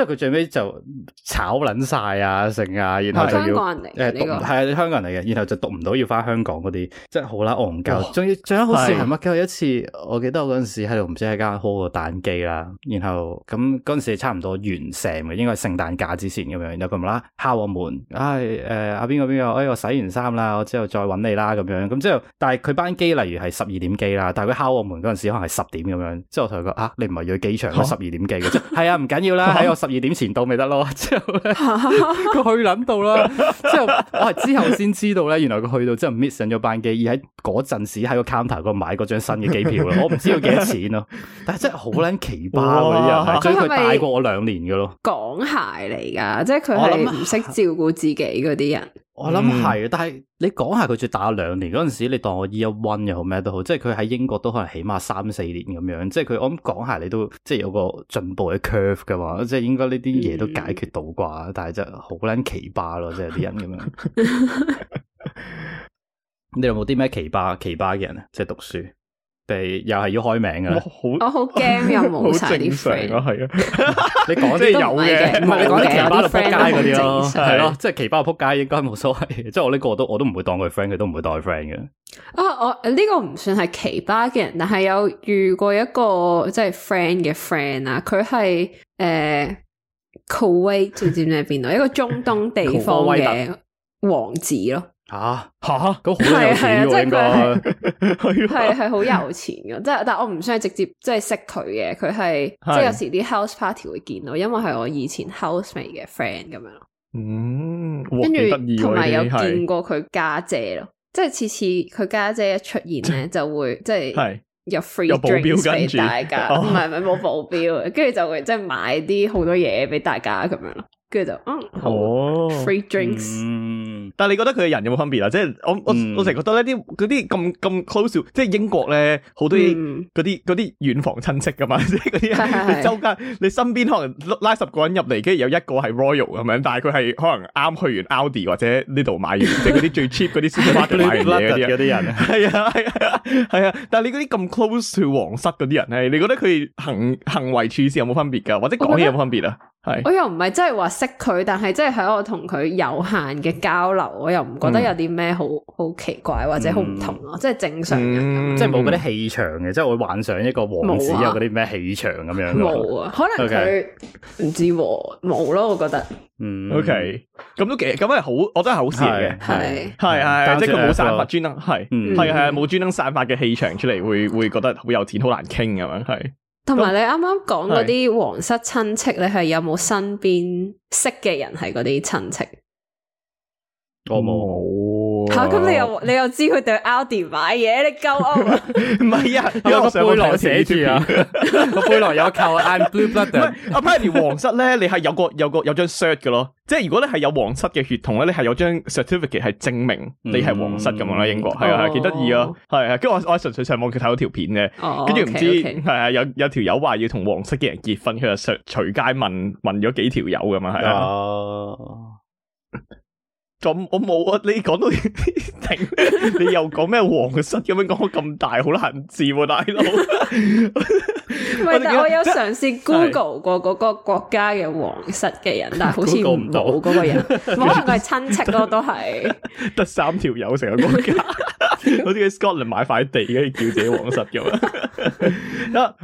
即係佢最尾就炒捻晒啊剩啊，然後就要誒係啊，香港人嚟嘅，然後就讀唔到要翻香港嗰啲，即係好啦，戇鳩。仲要、哦、最好笑係乜嘅？有是一次，我記得我嗰陣時喺度唔知喺間開個蛋機啦，然後咁嗰陣時差唔多完成嘅，應該係聖誕假之前咁、哎呃哎、樣。然後佢咪啦敲我門，唉誒阿邊個邊個，哎我洗完衫啦，我之後再揾你啦咁樣。咁之後但係佢班機例如係十二點機啦，但係佢敲我門嗰陣時可能係十點咁樣。之後我同佢講啊，你唔係要去機場，十二、啊、 點機嘅啫？係啊，唔緊要啦，喺我 二點前到咪得咯，之後咧佢 去諗到啦，之後我係之後先知道咧，原來佢去到之後 miss 上咗班機，而喺嗰陣時喺個 counter 嗰度買嗰張新嘅機票咯， 我唔知道幾多錢咯，但係真係好撚奇葩嗰啲人，佢帶過我兩年噶咯，係咪港孩嚟噶， 即係佢係唔識照顧自己嗰啲人。 我諗係啊，但係你講下佢仲要打兩年嗰陣時，你當我 year one 又好咩都好，即係佢喺英國都可能起碼三四年咁樣，即係佢我諗講下你都即係有個進步嘅 curve 嘅話，即係應該呢啲嘢都解決到啩，嗯、但係就好撚奇葩咯，即係啲人咁樣。 你有冇啲咩奇葩奇葩嘅人啊？即係讀書。又係要開名噶，我好很 我好驚又冇晒啲 friend。啊係啊，你講啲 有嘅，唔係講啲奇葩扑街嗰啲咯，係咯，即係、 就是、奇葩扑街應該冇所謂。即 係我呢個我都我都唔會當佢 friend，佢都唔會當佢 friend 嘅。啊，我呢、這個唔算係奇葩嘅人，但係有遇過一個即係 friend 嘅 friend 啦。佢係誒，Kuwait 唔知咩邊度，一個中東地方嘅王子咯。吓吓，咁好有錢喎，應該係係好有錢嘅，即係但係我唔想係直接即係識佢嘅，佢係即係有時啲 house party 會見到，因為係我以前 housemate 嘅 friend 咁樣咯。嗯，跟住同埋有見過佢家姐咯，即係次次佢家姐一出現咧就會即係有 free drinks 俾大家，唔係唔係冇保鏢，跟住就會即係買啲好多嘢俾大家咁樣咯。跟住就，嗯，好，free drinks。但係你覺得佢嘅人有冇分別啊？即係我、嗯、我我成日覺得咧，啲啲咁咁 close 即係英國咧好多啲嗰啲嗰遠房親戚噶嘛，嗯、即係嗰啲周街，你身邊可能拉十個人入嚟，跟住有一個係 royal 咁樣，但係佢係可能啱去完 Aldi 或者 Lidl 買完， 即係嗰啲最 cheap 嗰啲 supermarket 買完嗰啲 人，係啊係啊係啊。但係你嗰啲咁 close to 皇室嗰啲人咧，你覺得佢行行,行為處事有冇分別噶？或者講嘢有冇分別啊？我又唔係真係話識佢，但係真係喺我同佢有限嘅交流，我又唔覺得有啲咩好好奇怪或者好唔同咯，即係正常嘅，即係冇嗰啲氣場嘅，即係會幻想，一個王子有嗰啲咩氣場咁樣。冇啊，可能佢唔知冇咯，我覺得。嗯，OK，咁都幾咁係好，我都係好事嘅，係係係，即佢冇散發專登，係係係冇專登散發嘅氣場出嚟，會會覺得好有錢，好難傾咁樣，係。同埋你啱啱講嗰啲皇室親戚，你係有冇身邊識嘅人係嗰啲親戚？我冇，吓咁、哦啊、你又你又知佢對 Aldi 買嘢，你夠唔係啊、er 有，有個背囊寫住啊，個背囊有扣。I'm blue blood。阿 Patty 皇室咧，你係有個有個有張 shirt 嘅咯，即係如果你係有皇室嘅血統咧，你係有張 certificate 係證明你係皇室咁樣啦。Mm，英國係啊，係幾得意啊，係係。跟住我我純粹上網去睇到條片嘅，跟住唔知係係有有條友話要同皇室嘅人結婚，佢就隨隨街問問咗幾條友咁啊，係啊。咁我冇啊！你講到停，你又講咩皇室咁樣講到咁大，好難字喎、啊，大佬。喂， 但我有嘗試 Google 過嗰個國家嘅皇室嘅人，但係好似唔到嗰個人， 清可能係親戚咯，都係得三條友成個國家，好似 Scotland 買塊地叫自己皇室咁樣。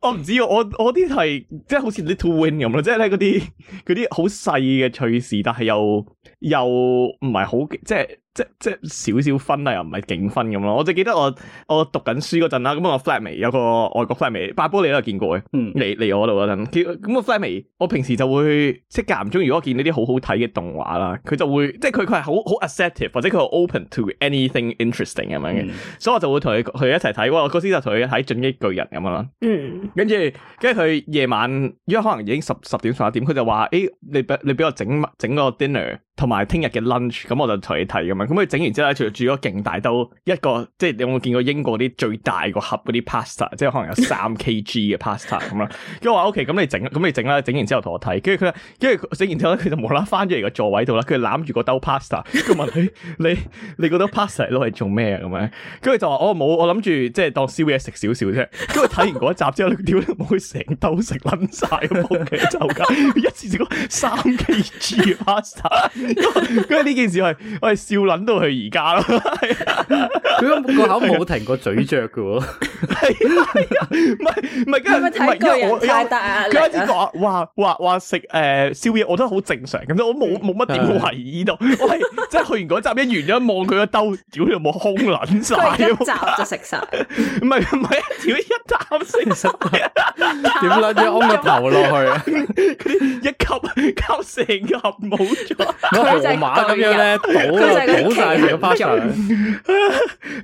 我唔知我我啲係即係好似啲 Little Wing 咁咯，即係咧嗰啲嗰啲好細嘅趣事，但係又。又唔係好即係。即即少少分啊，又唔係勁分咁咯。我就記得我我讀緊書嗰陣啦，咁、那、我、個、flat 妹有個外國 flat 妹，八波你都有見過嘅。嚟嚟、嗯、我度嗰陣，咁、那個 flat 妹，我平時就會即間唔中，如果我見到啲好好睇嘅動畫啦，佢就會即佢佢係好好 acceptive 或者佢 open to anything interesting 咁樣嘅。所以我就會同佢佢一齊睇。我嗰時就同佢睇《進擊巨人》咁樣咯。嗯。跟住跟住佢夜晚，因為可能已經十十點十一點，佢就話：，誒、欸，你俾你俾我整整個 dinner，同埋聽日嘅 lunch，咁我就同佢睇咁樣。咁佢整完之後咧，就住咗勁大兜，一個即係你有冇見過英國啲最大個盒嗰啲 pasta，即係可能有三 kg 嘅 pasta 咁啦。跟住我話 OK，咁你整，咁你整啦，整完之後同我睇。跟住佢，跟住整完之後咧，佢就冇啦翻咗嚟個座位度啦，佢攬住個兜 pasta。佢問、欸、你：你你嗰 pasta 攞嚟做咩啊？咁樣跟住就話：我冇，我諗住即係當宵夜食少少啫。跟住睇完嗰集之後，點解冇成兜食撚晒。」咁就嘢走㗎？一次食個三 kg pasta。跟住呢件事係我係笑啦.。 等到佢而家咯，佢個口冇停過咀嚼㗎喎，係唔係？跟住，佢開始話，話話話食誒燒嘢，我覺得好正常，咁都冇冇乜點懷疑度。我係即係去完嗰集，一完咗望佢個兜，屌有冇空捻晒，一集就食晒，唔係唔係，屌一集先食，點捻住安個頭落去？嗰啲一吸吸成盒冇咗，河馬咁樣咧，冇啦。好晒成個 pastel，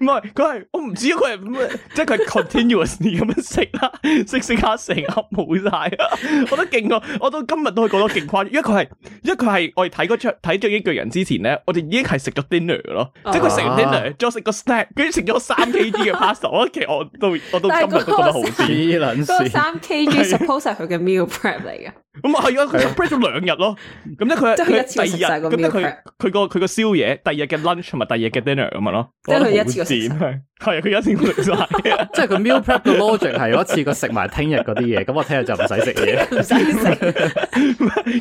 唔係佢係我唔知佢係咩，即係佢 continuous 咁樣食啦，食食下成盒冇晒，我都勁啊！我都今日都係覺得勁誇張，因為佢係因為佢係我哋睇嗰出睇《終結巨人》之前咧，我哋已經係食咗 dinner 咯，oh. 即係佢食完 dinner 再食個 snack，居然食咗三 kg 嘅 pastel，我其實我都我都今日都覺得好黐捻，三 kg suppose 係佢嘅 meal prep 嚟嘅。咁啊，係啊，佢 break 咗兩日咯，咁咧佢佢第二日咁佢佢個佢個宵夜，第二日嘅 lunch 同埋第二日嘅 dinner 咁啊咯，即係佢一次食晒，係佢一次食晒，即係佢 meal prep 嘅 logic 係有一次佢食埋聽日嗰啲嘢，咁 我聽日就唔使食嘢，唔使食。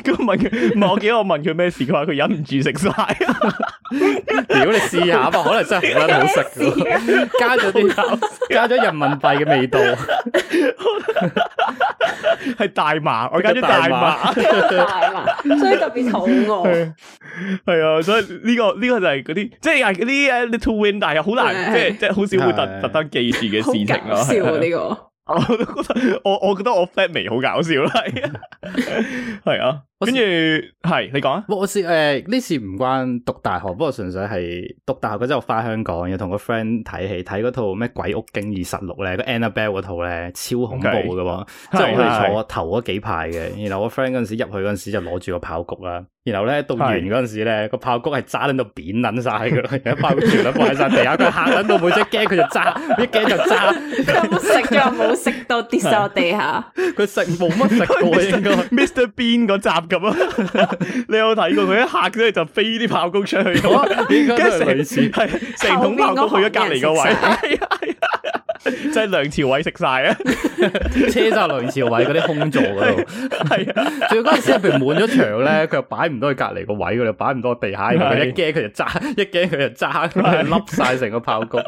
咁 問佢，我記得，我問佢咩事佢話，佢忍唔住食晒。 如果你試下吧，可能真係好撚好食嘅， 加咗啲 加咗人民幣嘅味道，係 大麻，我加咗係嘛，所以特別肚餓，係啊，所以呢個呢個就係嗰啲，即係嗰啲啊 little window 又好難，即係即係好少會特特登記住嘅事情咯。笑呢個，我都我我覺得我 flatmate 好搞笑啦，係啊。跟住係你講啊！我我誒呢次唔關讀大學，不過純粹係讀大學嗰陣我翻香港，又同個 friend 睇戲，睇嗰套咩鬼屋驚二十六咧，個 Annabelle 嗰套咧超恐怖噶，即係我哋坐頭嗰幾排嘅。然後我 friend 陣時入去嗰陣時就攞住個炮谷啦，然後咧讀完嗰陣時咧個炮谷係炸到扁捻晒噶啦，包住啦，放喺晒地下，佢吓捻到每即係驚佢就炸，一驚就炸，食咗冇食到跌晒地下，佢食冇乜食過應該。Mr Bean 嗰集咁啊！ 你有睇過佢一吓咧就飛啲炮谷出去咁，跟住係成桶炮谷去咗隔籬個位，即 係梁朝偉食晒啊！ 車，就梁朝偉嗰啲空座嗰度，係 啊！仲嗰陣時入邊滿咗場咧，佢又擺唔到去隔籬個位，佢又擺唔到地下，佢一驚佢就揸，一驚佢就揸，佢就笠晒成個炮谷。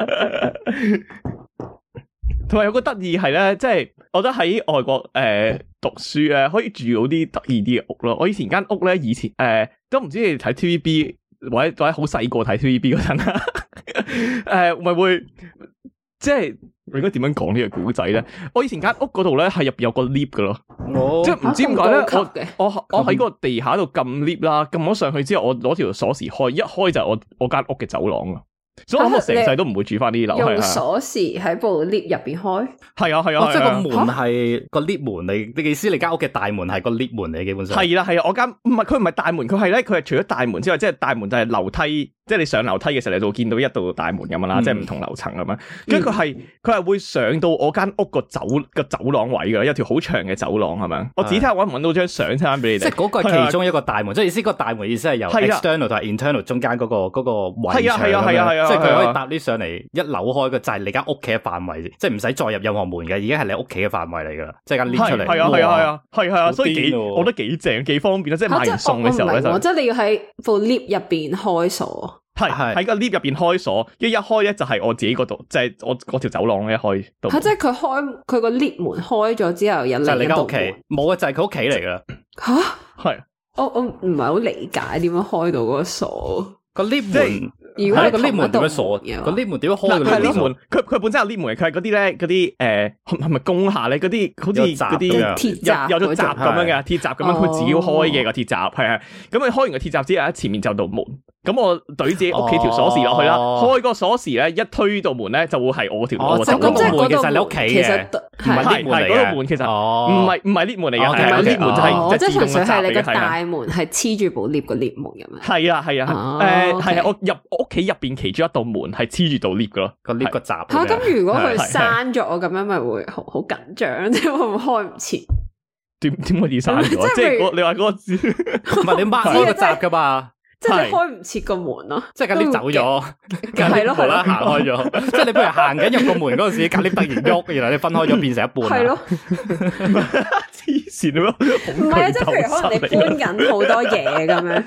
同埋有個得意係咧，即係我覺得喺外國誒、呃、讀書咧，可以住到啲得意啲嘅屋咯。我以前間屋咧，以前誒、呃、都唔知你哋睇 TVB 或者或者好細個睇 TVB 嗰陣誒，咪會即係應該點樣講呢個古仔咧？我以前間屋嗰度咧，係入邊有個 lift 嘅咯。即係唔知點解咧，我我我喺個地下度撳 lift 啦，撳咗上去之後，我攞條鎖匙開，一開就我我間屋嘅走廊咯。所以我成世都唔會住翻呢樓用鎖匙喺部 lift 入邊開。係啊係啊，即係個門係個 lift 門嚟。你意思你間屋嘅大門係個 lift 門嚟？基本上係啦係啊，我間唔係，佢唔係大門，佢係咧，佢係除咗大門之外，即係大門就係樓梯。即係你上樓梯嘅時候，你就會見到一道大門咁樣啦，即係唔同樓層咁樣。跟住佢係佢係會上到我間屋個走個走廊位㗎，有條好長嘅走廊係咪？我只係揾唔揾到張相先俾你哋。即係嗰個係其中一個大門，即係意思個大門意思係由 external 同 internal 中間嗰個嗰個位。係啊係啊係啊，即係佢可以搭 lift 上嚟一扭開嘅就係你間屋企嘅範圍，即係唔使再入任何門嘅，已經係你屋企嘅範圍嚟㗎啦，即係間 lift 出嚟。係啊係啊係啊係啊，所以幾我覺得幾正，幾方便，即係買餸嘅時候咧，就即係你要喺部 lift 入邊開鎖。係係喺個 lift 入邊開鎖，一一開咧就係我自己嗰度，就是啊，即係我嗰條走廊咧開到。吓即，即係佢開佢個 lift 門開咗之後入嚟你間屋企，冇啊，就係佢屋企嚟噶。吓，係，我我唔係好理解點樣開到嗰個鎖個 lift 門如果咁 lift 門點樣鎖？嗰 lift 門點開？嗱，係 lift 門，佢佢本身有 lift 門佢係嗰啲咧，嗰啲誒，係咪工廈咧？嗰啲好似嗰啲啊，有咗閘咁樣嘅，鐵閘咁樣，佢自己開嘅個鐵閘，係係，咁佢開完個鐵閘之後，前面就到門，咁我懟自己屋企條鎖匙落去啦，開個鎖匙咧，一推到門咧，就會係我條門咯。即門就屋企唔係 lift 門嚟嘅。嗰道其實唔係唔係 lift 門嚟嘅，係嗰門就係嘅係即係純粹係你個大門係黐住部 lift 個 lift 門咁樣。係啊係啊，誒，係我入屋企入邊，其中一道門係黐住到 lift 嘅咯，個 lift 個閘。吓，咁如果佢閂咗，咁樣咪會好好緊張，即係會開唔切。點點可以閂咗？即係你話嗰個唔係你抹開個閘嘅嘛？即係開唔切個門咯。即係隔離走咗，係咯，係咯，行開咗。即係你不如行緊入個門嗰陣時，隔離突然喐，然後你分開咗，變成一半。係咯，黐線咯，唔係啊，即係譬如可能你搬緊好多嘢咁樣。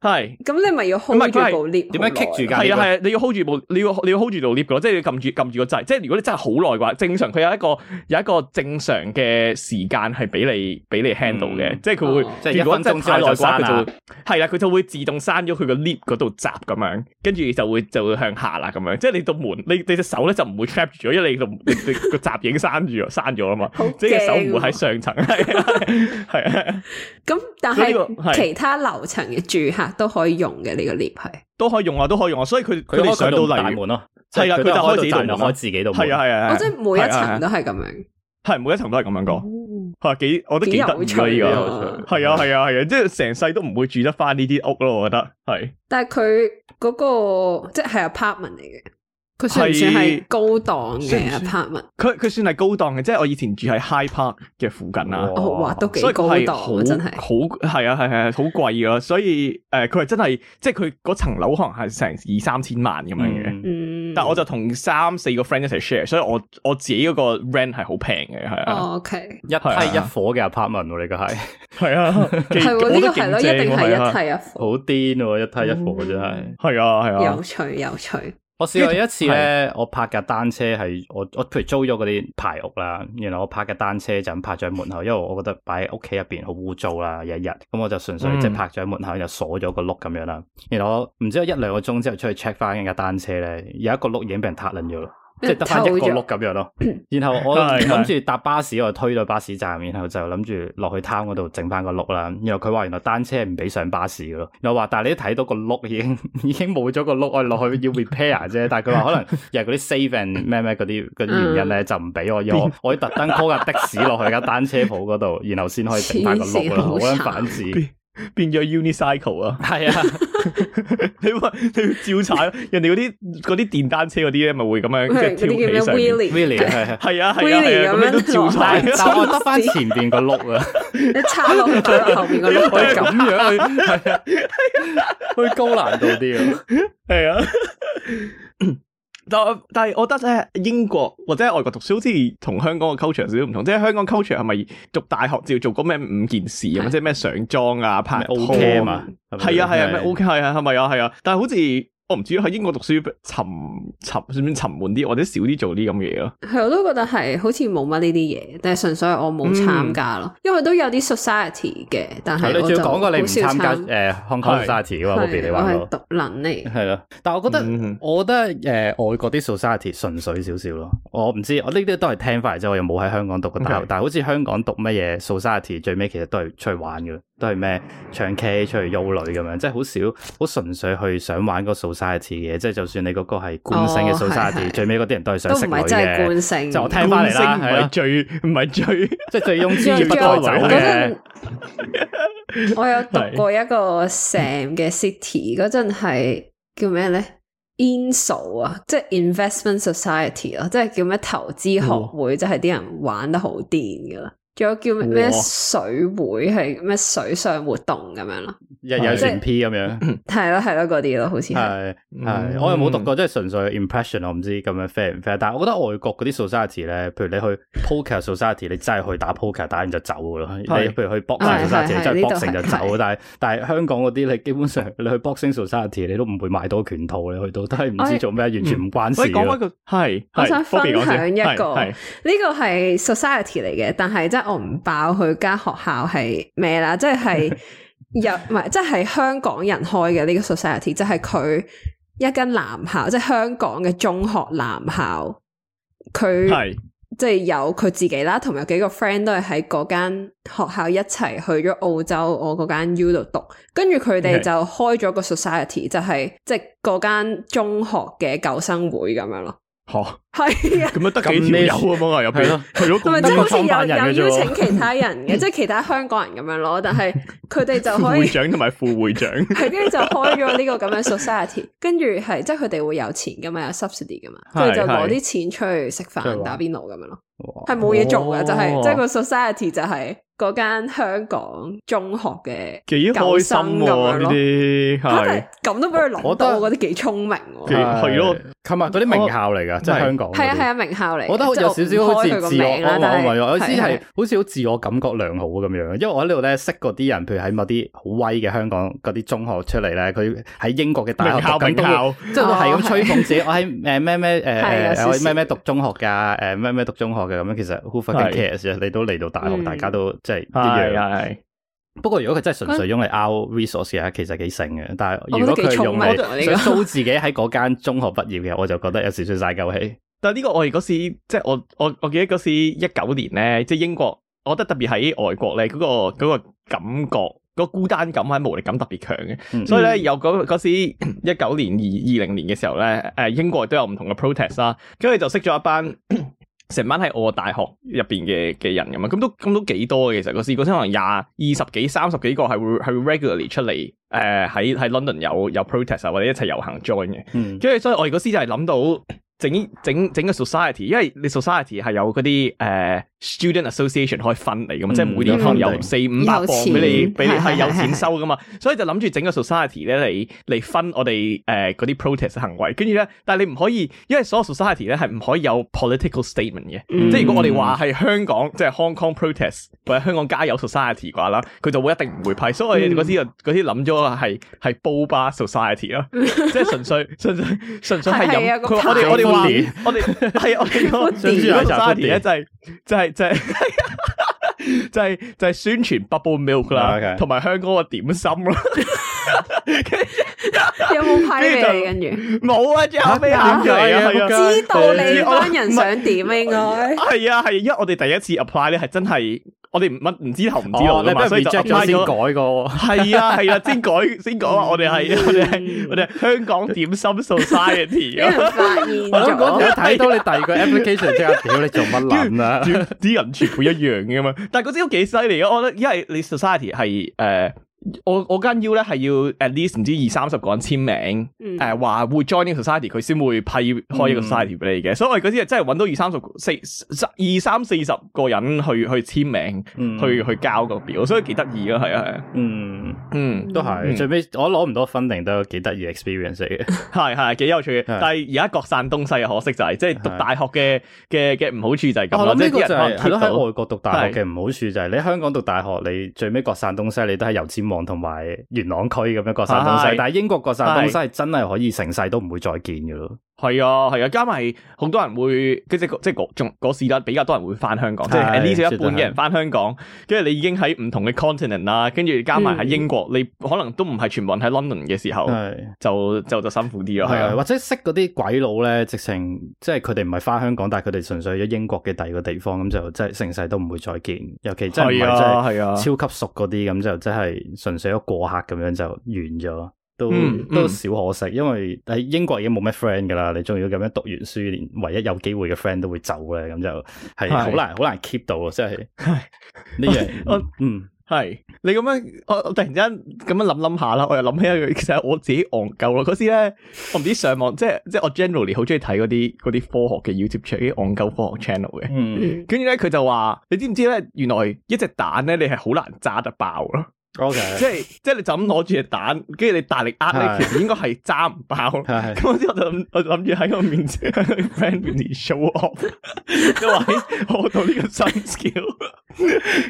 係，咁你咪要 hold 住部 lift？點樣棘住架？係啊係啊，你要 hold 住部，你要你要 hold 住部 lift 嘅，即係要撳住撳住個掣。即係如果你真係好耐嘅話，正常佢有一個有一個正常嘅時間係俾你俾你 handle 嘅，即係佢會。如果太耐嘅話，即係一分鐘之後就關啦。係啦，佢就會自動閂咗佢個 lift 嗰度閘咁樣，跟住就會就會向下啦咁樣。即係你到門，你你隻手咧就唔會 trap 住咗，因為你個閘已經閂住咗，閂咗啊嘛。即係手唔會喺上層，係係啊。咁但係其他樓層嘅住客。都可以用嘅呢個 lift 係都可以用啊，都可以用啊，所以佢佢哋上到大門咯，係啦是，佢就開自己門，開自己度門，係啊係啊我啊，即係每一層都係咁樣，係每一層都係咁樣講，吓幾，我都幾得意噶依個。係啊係啊係啊，即係成世都唔會住得翻呢啲屋咯，我覺得係。但係佢嗰個即係係 apartment 嚟嘅。佢算係高檔嘅 apartment，佢佢算係高檔嘅，即係我以前住喺 High Park 嘅附近啦。哇，都幾高檔啊，真係好係啊，係係好貴咯。所以誒，佢係真係，即係佢嗰層樓可能係成二三千萬咁樣嘅。但我就同三四個 friend 一齊 share，所以我我自己嗰個 rent 係好平嘅，係啊。OK，一梯一伙嘅 apartment 嚟噶，係，係啊，呢我都一定係一梯一伙，好癲喎，一梯一伙真係，係啊，係啊，有趣，有趣。我試過一次咧，我拍架單車係我我譬如租咗嗰啲牌屋啦，然後我拍架單車就咁拍喺門口，因為我覺得擺喺屋企入邊好污糟啦，日日，咁我就純粹即係泊咗喺門口，嗯、就鎖咗個碌咁樣啦。然後我唔知道一兩個鐘之後出去 check 翻架單車咧，有一個碌已經畀人撻撚咗啦。即係得翻一個轆咁樣咯，然後我諗住搭巴士，我推到巴士站，然後就諗住落去攤嗰度整翻個轆啦。然後佢話原來單車唔俾上巴士噶咯，又話但係你都睇到個轆已經已經冇咗個轆，我落去要 repair 啫、er。但係佢話可能又係嗰啲 save and 咩咩嗰啲嗰原因咧，就唔俾我用，要我要特登 call 架的士落去架單車鋪嗰度，然後先可以整翻個轆啦。我咁可反智正。變咗 unicycle 啊，係 啊說，你話 你照踩人哋嗰啲嗰啲電單車嗰啲咧，咪會咁樣即係跳起上，Wheelie 係係啊係啊咁樣照踩，但我得翻前邊個轆啊，你踩落去再後邊個轆，可以咁樣去，係啊， 去高難度啲啊，係啊。但係，我覺得咧，英國或者外國讀書好似同香港嘅 culture 少少唔同，即係香港 culture 係咪讀大學要做嗰咩五件事咁？即係咩上莊啊、拍拖是是 O.K. 啊，係啊係啊，咩 O.K. 係啊，係咪啊係啊，但係好似。是我唔知喺英國讀書沉沉算唔沉悶啲，或者少啲做啲咁嘅嘢咯。係，我都覺得係好似冇乜呢啲嘢，但係純粹係我冇參加咯，因為都有啲 society 嘅。但係你仲要講過你唔參加誒 con society 喎 b o b 你話都。呃、我係獨能力。係咯、嗯，但係我覺得我覺得誒、呃、外國啲 society 純粹少少咯。我唔知我呢啲都係聽翻嚟，之係我又冇喺香港讀過大學。Okay. 但係好似香港讀乜嘢 society，最尾其實都係出去玩嘅。都係咩唱 K 出去幽女咁樣，即係好少好純粹去想玩嗰個 Society 嘅，即係就算你嗰個係慣性嘅 Society 最尾嗰啲人都係想食女都唔係真係慣性。就我聽翻啦，唔係最唔係、啊、最,不最 即係最庸脂俗粉嘅。 時 我有讀過一個 Sam 嘅 City，嗰陣係叫咩咧 Inso 啊，so, 即係 Investment Society 咯，即係叫咩投資學會，即係啲人玩得好癲噶啦。哦哦仲有叫咩水會係咩水上活動咁樣咯，日日船 P 咁樣，係咯係咯嗰啲咯，好似係係我又冇讀過，即係純粹 impression，我唔知咁樣 fair 唔 fair，但係我覺得外國嗰啲 society 咧，譬如你去 poker society，你真係去打 poker，打完就走噶咯。你譬如去 box society，真係去 boxing 就走。但係但係香港嗰啲，你基本上你去 boxing society，你都唔會買到拳套，你去到都係唔知做咩，完全唔關事咯。係，我想分享一個，呢個係 society 嚟嘅，但係真。我唔爆佢間學校係咩啦，即係有唔係， 即係香港人開嘅呢、這個 society，即係佢一間男校，即係香港嘅中學男校，佢係，即係是有佢自己啦，同埋幾個 friend 都係喺嗰間學校一齊去咗澳洲，我嗰間 U 度讀，跟住佢哋就開咗個 society，是就係即係嗰間中學嘅救生會咁樣咯。吓，係咁、哦、 樣得幾條友咁啊入邊，係咯，咪即係好似有 有邀請其他人嘅，即係 其他香港人咁樣攞，但係佢哋就可以 會長同埋副會長，係跟住就開咗呢個咁樣 society，跟住係即係佢哋會有錢噶嘛，有 subsidy 噶嘛，佢 就攞啲錢出去食飯 打邊爐咁樣咯，係冇嘢做嘅、哦就係，就係即係個 society 就係、係。嗰間香港中學嘅幾開心咁呢啲係咁都俾佢攞到，我覺得幾聰明。係咯，琴日嗰啲名校嚟㗎，即係香港係啊係啊，名校嚟。我覺得有少少好似自我，我唔係我知係好似好自我感覺良好咁樣。因為我喺呢度咧識嗰啲人，譬如喺某啲好威嘅香港嗰啲中學出嚟咧，佢喺英國嘅大學讀緊校，即係係咁吹捧自己。我喺誒咩咩誒咩咩讀中學㗎，誒咩咩讀中學嘅咁樣。其實 Who cares 你都嚟到大學，大家都～係，係，不過如果佢真係純粹用嚟 out resource 嘅，其實幾醒嘅。但係如果佢用，如果租自己喺嗰間中學畢業嘅，我就覺得有時算晒狗氣。但係呢個我哋嗰時，即係我我我記得嗰時一九年咧，即係英國，我覺得特別喺外國咧，嗰、嗰個、嗰個感覺，嗰、嗰個、孤單感，喺無力感特別強嘅。嗯、所以咧，有嗰嗰時一九年二二零年嘅時候咧，誒，英國都有唔同嘅 protest 啦，跟住就識咗一班。成班喺我大學入邊嘅嘅人咁啊，咁都咁都幾多嘅，其實嗰時嗰時可能廿二十幾、三十幾個係會係會 regularly 出嚟，誒、uh, 喺喺 London 有有 protest 啊或者一齊遊行 join 嘅。嗯，跟住所以我嗰時就係諗到整整整個 society，因為你 society 係有嗰啲誒。Uh, Student Association 可以分嚟噶嘛？即係每年可能有四五百磅俾你，俾你係有錢收噶嘛？所以就諗住整個 society 咧，嚟嚟分我哋誒嗰啲 protest 行為，跟住咧，但係你唔可以，因為所有 society 咧係唔可以有 political statement 嘅。即係如果我哋話係香港，即係 Hong Kong protest，或者香港加油 society 嘅話啦，佢就會一定唔會批。所以我哋嗰啲嗰啲諗咗係係 Boba society 咯，即係純粹純粹純粹係有我哋我哋話我哋係我哋嗰個 society 咧，就係就係。 就係、是、就係就係宣傳 bubble milk 啦，同埋、嗯、香港嘅點心啦。 有冇派嚟？跟住冇啊，又派嚟啊！啊知道你班、啊、人想點、哦啊、應該係、哎、啊，係、啊，因為我哋第一次 apply 咧，係真係。我哋唔乜唔知頭唔知路，噶嘛，不不所以就先改個。係啊係啊，先改先講啊， 我哋係我哋係我哋香港點心 society 了。發現咗，睇到你第二個 application 即刻屌你做乜捻啊？啲人全部一樣噶嘛，但係嗰啲都幾犀利啊！我覺得，因為你 society 係誒。我我間 U 咧,係要 at least 唔知二三十個人簽名，誒話會 join 呢個 society 佢先會批開一個 society 俾你嘅，所以我哋嗰啲真係搵到二三十四二三四十個人去去簽名，去去交個表，所以幾得意啊。係啊係，嗯嗯，都係最尾我攞唔到 funding 都幾得意 experience 嘅，係係幾有趣嘅，但係而家各散東西嘅可惜就係，即係讀大學嘅嘅嘅唔好處就係咁咯，即係呢個就係咯，喺外國讀大學嘅唔好處就係你香港讀大學你最尾各散東西你都係由，同埋元朗區咁樣國產東西，但係英國國產東西係真係可以成世都唔會再見嘅咯。係啊，係啊，加埋好多人會，即即即嗰仲嗰時啦，比較多人會返香港，即係呢少一半嘅人返香港，跟住你已經喺唔同嘅 continent 啦，跟住加埋喺英國，嗯、你可能都唔係全部人喺 London 嘅時候，是就就就，就辛苦啲咯，係啊、嗯、啊，或者識嗰啲鬼佬咧，直情即係佢哋唔係返香港，但係佢哋純粹去咗英國嘅第二個地方，咁就即係成世都唔會再見，尤其真唔係真係超級熟嗰啲，咁就即係純粹一個過客咁樣就完咗。的都都少可惜，因為喺英國已經冇咩 friend 噶啦，你仲要咁樣讀完書，連唯一有機會嘅 friend 都會走咧，咁就係好難好是難 keep 到啊！真、就、係、是，係呢樣， 嗯係、 嗯、你咁樣，我突然間咁樣諗諗下啦，我又諗起一個，其實我自己戇鳩咯。嗰時咧，我唔知上網，即係即係我 generally 好中意睇嗰啲啲科學嘅 YouTube，啲戇鳩科學 channel 嘅。嗯，跟住咧佢就話，你知唔知咧？原來一隻蛋咧，你係好難揸得爆咯。O Okay . K，即係即係，你就咁攞住隻蛋，跟住你大力壓咧， 其實應該係揸唔爆。咁我之後我就諗，諗住喺我面前，friend show off，因為學到呢個新 skill。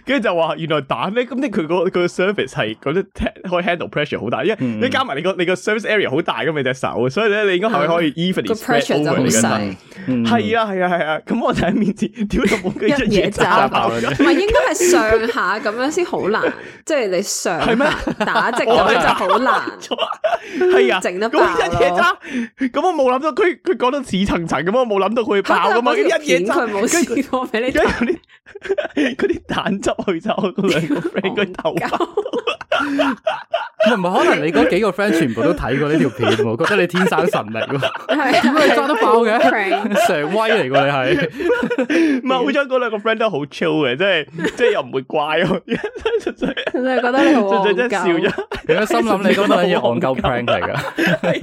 跟住就話原來蛋咩？咁呢？佢個、佢個 surface 係嗰啲、那個、可以 handle pressure 好大，因為你加埋你個、嗯、你個 surface area 好大㗎嘛，你隻手，所以咧你應該係、嗯、可以，以 evenly spread，個 pressure 就好細，係啊係啊係啊。咁、啊啊啊、我就喺面前，屌，到冇一隻嘢揸爆。唔係應該係上下咁樣先好難，即係 你。係咩？打直咁樣就好難，啊一夜一夜。錯係啊，整得咁一嘢渣。咁我冇諗到佢佢講得似層層咁，我冇諗到佢爆咁樣。咁一嘢渣，冇試過俾你，嗰啲蛋汁去走嗰兩個 friend 佢頭髮。唔係可能你嗰幾個 friend 全部都睇過呢條片，覺得你天生神力，咁你揸得爆嘅，常威嚟噶你係。唔係好彩嗰兩個 friend 都好 chill 嘅，即係即係又唔會怪我。真係覺得。最最即係笑咗，有心諗你覺得好憨鳩 friend 嚟噶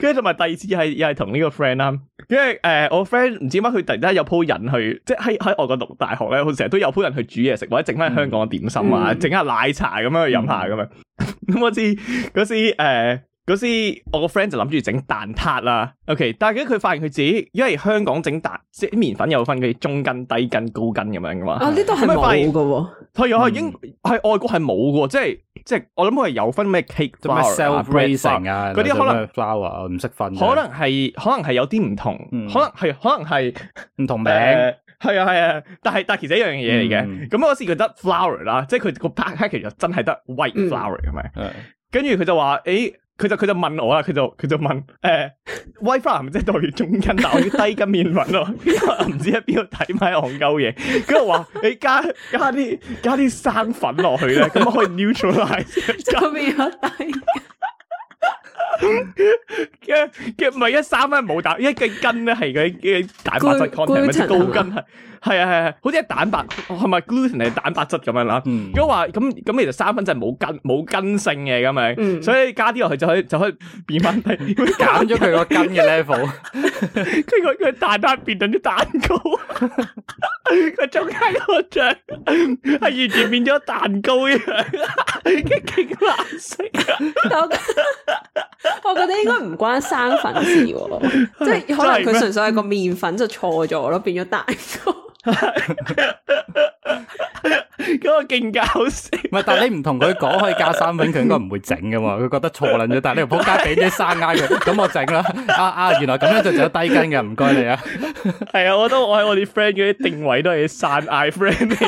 跟住同埋第二次係又係同呢個 friend 啦，跟住誒，我 friend 唔知點解佢突然間有鋪人去，即係喺喺外國讀大學咧，佢成日都有鋪人去煮嘢食或者整翻香港點心啊，整，嗯嗯、下奶茶咁樣去飲下咁樣。咁我知嗰時誒。嗰時我個 friend 就諗住整蛋撻啦，OK，但係記得佢發現佢自己因為香港整蛋即係啲麵粉有分嘅中筋、低筋、高筋咁樣噶嘛？啊，呢度係冇嘅喎，佢啊，已經係外國係冇嘅，即係即係我諗佢係有分咩 cake、咩 self raising 啊，嗰啲可能 flour 唔識分，可能係可能係有啲唔同，可能係可能係唔同名，係啊係啊，但係但其實一樣嘢嚟嘅。咁我先覺得 flour 啦，即係佢個 pack 其實真係得 white flour 係咪？跟住佢就話誒。佢就佢就問我啊，佢就佢就問誒，WiFi 即係代表中間，但我要低筋麵粉咯，唔知喺邊度睇埋憨鳩嘢，佢 話你加加啲加啲生粉落去咧，咁可以 neutralize，加變咗低。 一一唔係一三分，冇蛋，一嘅筋咧係佢啲蛋白質，高筋係係啊係啊，好似係蛋白，係咪 gluten 係蛋白質咁樣啦？嗯、如果話咁咁，其實三分就係冇筋冇筋性嘅咁樣，嗯、所以加啲落去就可以就可以,就可以變翻，減咗佢個筋嘅 level。佢佢佢蛋撻變到啲蛋糕，佢 中間個醬係完全變咗蛋糕一樣，幾 難食性我覺得應該唔關生粉事，即係可能佢純粹係個麵粉就錯咗咯，變咗大咗，嗰 個勁搞笑。唔係，但係你唔同佢講可以加生粉，佢應該唔會整噶嘛。佢覺得錯捻咗，但係你仆街俾啲生嗌佢，咁 我整啦。啊啊，原來咁樣就有低筋嘅，唔該你啊。係啊，我覺得我喺我啲 friend 嗰啲定位都係散嗌 friend。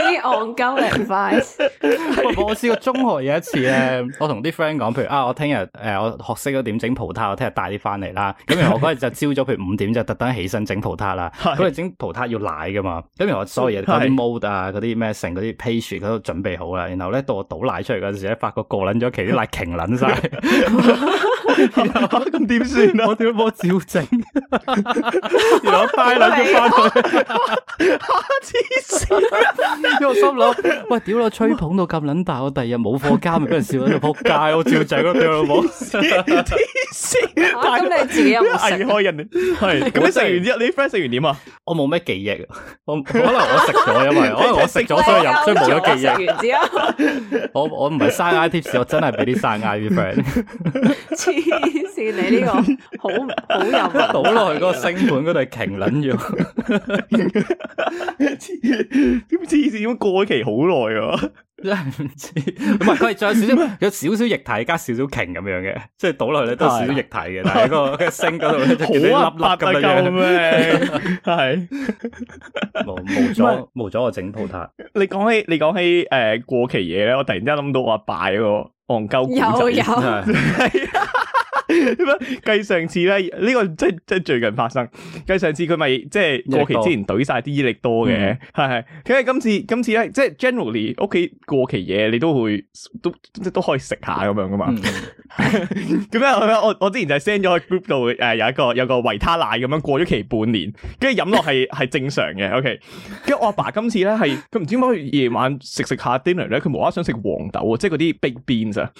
啲戇鳩嘅 advice，我試過中學有一次咧，我同啲 friend 講，譬如啊，我聽日誒，我學識咗點整葡撻，我聽日帶啲翻嚟啦。咁 然後我嗰日就朝早，譬如五點就特登起身整葡撻啦。咁你整葡撻要奶噶嘛，咁 然後我所有嘢嗰啲 mode 啊，嗰啲咩成嗰啲 page 嗰都準備好啦。然後咧到我倒奶出嚟嗰時咧，發覺過撚咗期啲奶傾撚晒。 點算 啊？啊 我點摸照正？然後快兩支翻去，哈！黐線！ 我心諗，喂，屌我吹捧到咁撚大，我第二日冇課監，嗰陣時喺度仆街，我照正嗰對老母，黐線！咁你自己又嗌開人，哋 的！係咁你食完之後，你啲 friend 食完點啊？我冇咩記憶，我可能我食咗，因為可能我食咗所以有，所以冇咗記憶。我我唔係生 I tips，我真係俾啲生 I 啲 friend 黐線，你呢個好好入啊！倒落去個星盤嗰度係瓊撚住，點黐線？過期好耐啊！真係唔知唔係佢係再少少有少少液體加少少瓊咁樣嘅，即係倒落去咧都少少液體嘅，但係個星嗰度咧就啲粒粒咁樣咩？係冇冇咗冇咗個整葡萄。你講起你講起誒過期嘢咧，我突然之間諗到我阿爸個戇鳩古仔。點解？計 上次咧，呢、這個即係即係最近發生。計上次佢咪即係過期之前懟晒啲益力多嘅，係係多。因為今次今次咧，即係 generally 屋企過期嘢，你都會都即都可以食下咁樣噶嘛？咁、嗯、 樣我我之前就係 send 咗 group 度誒有一個有個維他奶咁樣過咗期半年，跟住飲落係係正常嘅。OK，跟住我阿爸，爸今次咧係佢唔知點解夜晚食食下 dinner 咧，佢無啦啦想食黃豆啊，即係嗰啲 big beans 啊，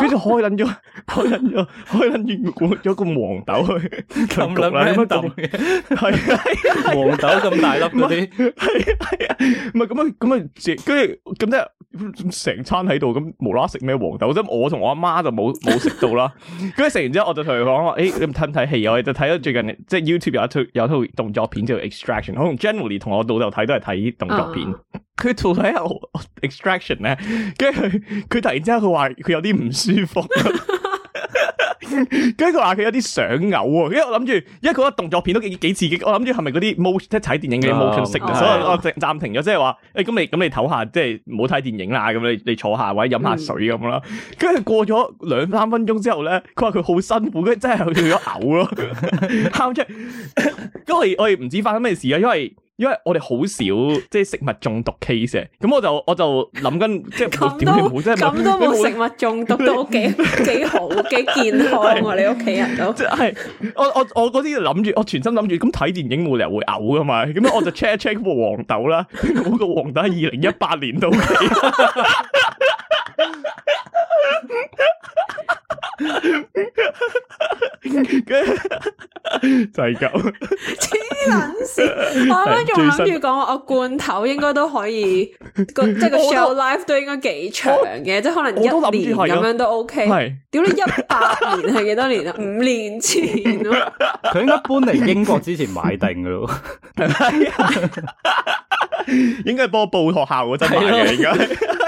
跟住開捻咗，開捻咗，開。開換咗個黃豆去，咁諗啦，咁啊豆，係啊係啊，啊啊 黃豆咁大粒嗰啲，係啊係啊，唔係咁啊咁啊，跟住咁即係成餐喺度，咁無啦啦食咩黃豆？即係我同我阿媽就冇冇食到啦。跟住食完之後我、欸看看，我就同佢講話，誒你唔睇睇戲？我就睇咗最近即係 YouTube 有一套有一套動作片叫、e raction,《Extraction》，可能 Generally 同我老豆睇都係睇動作片。佢睇下《Extraction》咧，跟住佢佢突然之間佢話佢有啲唔舒服。 跟住佢話佢有啲想嘔啊，因為我諗住，因為佢個動作片都幾幾刺激，我諗住係咪嗰啲 motion，即係睇電影嘅 motion sickness,、嗯、 所以我暫停咗，即係話，誒、欸，咁你咁你唞下，即係唔好睇電影啦，咁你你坐下或者飲下水咁啦。跟住、嗯、過咗兩三分鐘之後咧，佢話佢好辛苦，跟住真係去咗嘔咯，喊 出來， 因為我哋唔知發生咩事啊，因為。因為我哋好少即係、就是、食物中毒 case，咁我就我就諗緊即係冇，即係冇食物中毒都幾幾 好幾健康啊！ 你屋企人都即係、就是、我我我嗰啲諗住，我全心諗住咁睇電影冇理由會嚟會嘔噶嘛？咁樣我就 check check 部黃豆啦，嗰個黃豆係二零一八年到期。 就係咁這 病，黐撚事！我啱啱仲諗住講我罐頭應該都可以個即係個 show life 都應該幾長嘅，我即係可能一年咁樣都 OK。屌你一百年係幾多年， 年啊？五年前咯，佢應該搬嚟英國之前買定噶咯，應該係幫我報學校嗰陣買嘅應該。 對了笑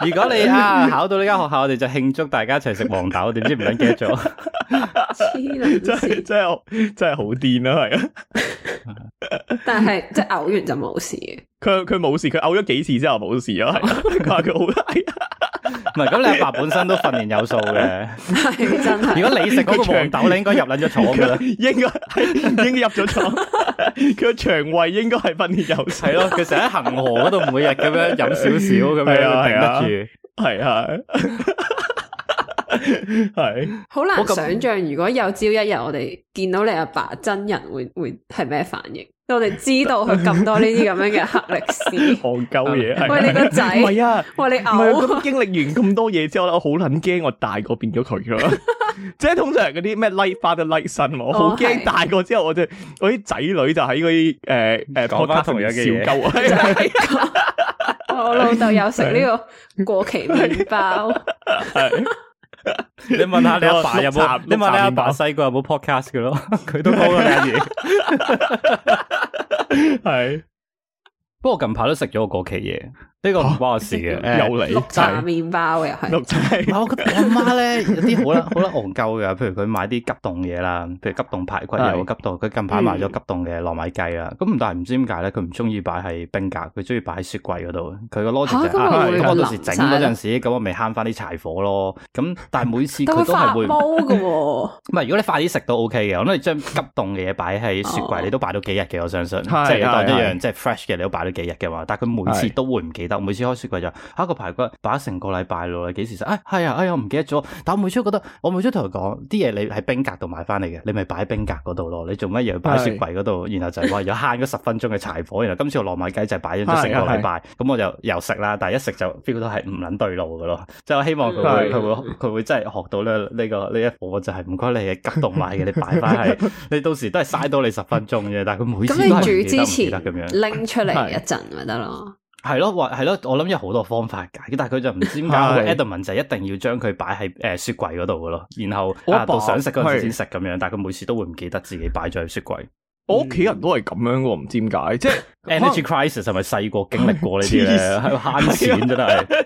如果你啊考到呢間學校，我哋就慶祝，大家一齊食黃豆，點知唔想記得咗。真係真係真係好癲啦，係啊！ 但係即係嘔完就冇、是、事。佢佢冇事，佢嘔咗幾次之後冇事啊！佢話佢嘔，唔係，咁你阿爸，爸本身都訓練有素嘅，係真係。如果你食嗰個黃豆腸你應該入緊咗廠噶啦，應該應該入咗廠。佢個腸胃應該係訓練有素。咯， 佢成日喺恒河度每日咁樣飲少少咁樣，頂得住。係啊，係好、啊啊啊、 難想象，如果有朝一日我哋見到你阿爸，爸真人會，會會係咩反應？我哋知道佢咁多呢啲咁樣嘅黑歷史戇鳩嘢，喂你個仔，唔係啊，喂你嘔，經歷完咁多嘢之後咧，我好捻驚我大個變咗佢咯，即係通常嗰啲咩 like father like son，我好驚大個之後我哋啲仔女就喺嗰啲誒誒，講同樣嘅嘢，我老豆又食呢個過期麵包。 你問下你阿爸有冇？ 你問你阿爸細個有冇 podcast 嘅咯？佢 都講呢樣嘢，係。這個、不過近排都食咗個過期嘢，啊、呢個唔關我事嘅。有你麵包又係綠製。我我媽咧有啲好啦，好啦，憨鳩嘅。譬如佢買啲急凍嘢啦，譬如急凍排骨又好，急凍佢近排買咗急凍嘅糯米雞啦。咁、嗯、但係唔知點解咧，佢唔中意擺喺冰格，佢中意擺喺雪櫃嗰度。佢個 logic 嚇我到時整嗰陣時，咁我咪慳翻啲柴火咯。咁但係每次佢都係會煲好嘅。唔係如果你快啲食都 OK 嘅，我咁你將急凍嘅嘢擺喺雪櫃，你都擺到幾日嘅。我相信即係當一樣即係 fresh 嘅，你都擺到。幾日嘅話，但佢每次都會唔記得，是每次開雪櫃就下個排骨擺成個禮拜咯，幾時食？哎，係啊，哎呀，唔記得咗。但我每次都覺得，我每次同佢講啲嘢，你喺冰格度買翻嚟嘅，你咪擺冰格嗰度咯，你做乜嘢擺雪櫃嗰度？然後就話有慳咗十分鐘嘅柴火。然後今次糯米雞就擺咗成個禮拜，咁我就又食啦。但係一食就 feel 到係唔捻對路嘅咯。即係我希望佢會，佢是會，會會真係學到咧、這、呢個呢一步，這個這個、就係唔該你係急凍買嘅，你擺翻係， 你到時都係嘥多你十分鐘啫。但係佢每次都唔記得咁樣拎出嚟。陣咪得咯，係咯，係咯，我諗有好多方法解。但係佢就唔知點解，Edmond 就一定要將佢擺喺誒雪櫃嗰度噶咯，然後達到想食嗰陣先食咁樣，但係佢每次都會唔記得自己擺咗喺雪櫃。我屋企人都係咁樣噶，唔知點解，即係 Energy Crisis 係咪細個經歷過呢啲嘅？慳錢真係，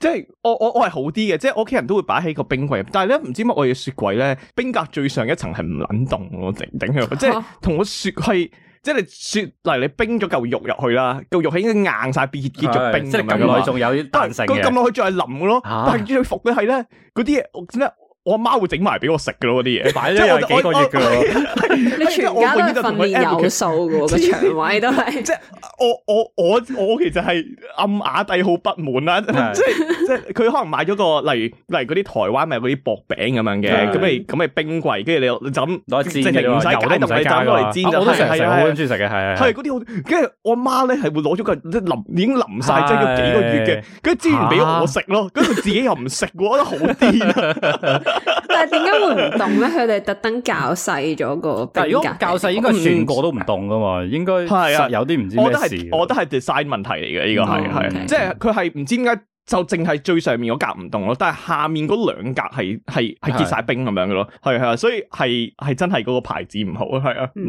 即係我我我係好啲嘅，即係屋企人都會擺喺個冰櫃，但係咧唔知乜我嘅雪櫃咧，冰格最上一層係唔撚凍，我頂頂佢，即係同我雪係。即係你雪，例如你冰咗嚿肉入去啦，嚿肉係已經硬晒，變結咗冰，即係撳落去仲有啲，彈性嘅。咁撳落去佢仲淋嘅咯，但係最服嘅係咧，嗰啲嘢，嗱。 我阿媽會整埋俾我食嘅咯，嗰啲嘢擺咗又幾個月嘅咯。你全家訓練有素嘅喎，個腸胃都係，即係我我我我其實係暗瓦帝好不滿啦。即係即係佢可能買咗個例如嚟嗰啲台灣咪嗰啲薄餅咁樣嘅，咁咪咁咪冰櫃，跟住你又攬攞嚟煎，即係唔使解就唔使解嘅喎。我都成日好中意食嘅係係嗰啲好。跟住我媽咧係會攞咗個淋已經淋晒，即係幾個月嘅，跟住煎完俾我食咯。跟住自己又唔食，我覺得好癲啊！ 但係點解會唔凍咧？佢哋特登較細咗個格，但如果較細應該全不個都唔凍噶嘛？應該係啊，有啲唔知咩事我。我覺得係 design 問題嚟嘅，呢、呢個係係，即係佢係唔知點解就淨係最上面嗰格唔凍咯，但係下面嗰兩格係係係結晒冰咁樣嘅咯，係係的，所以係係真係嗰個牌子唔好啊，係啊，嗯，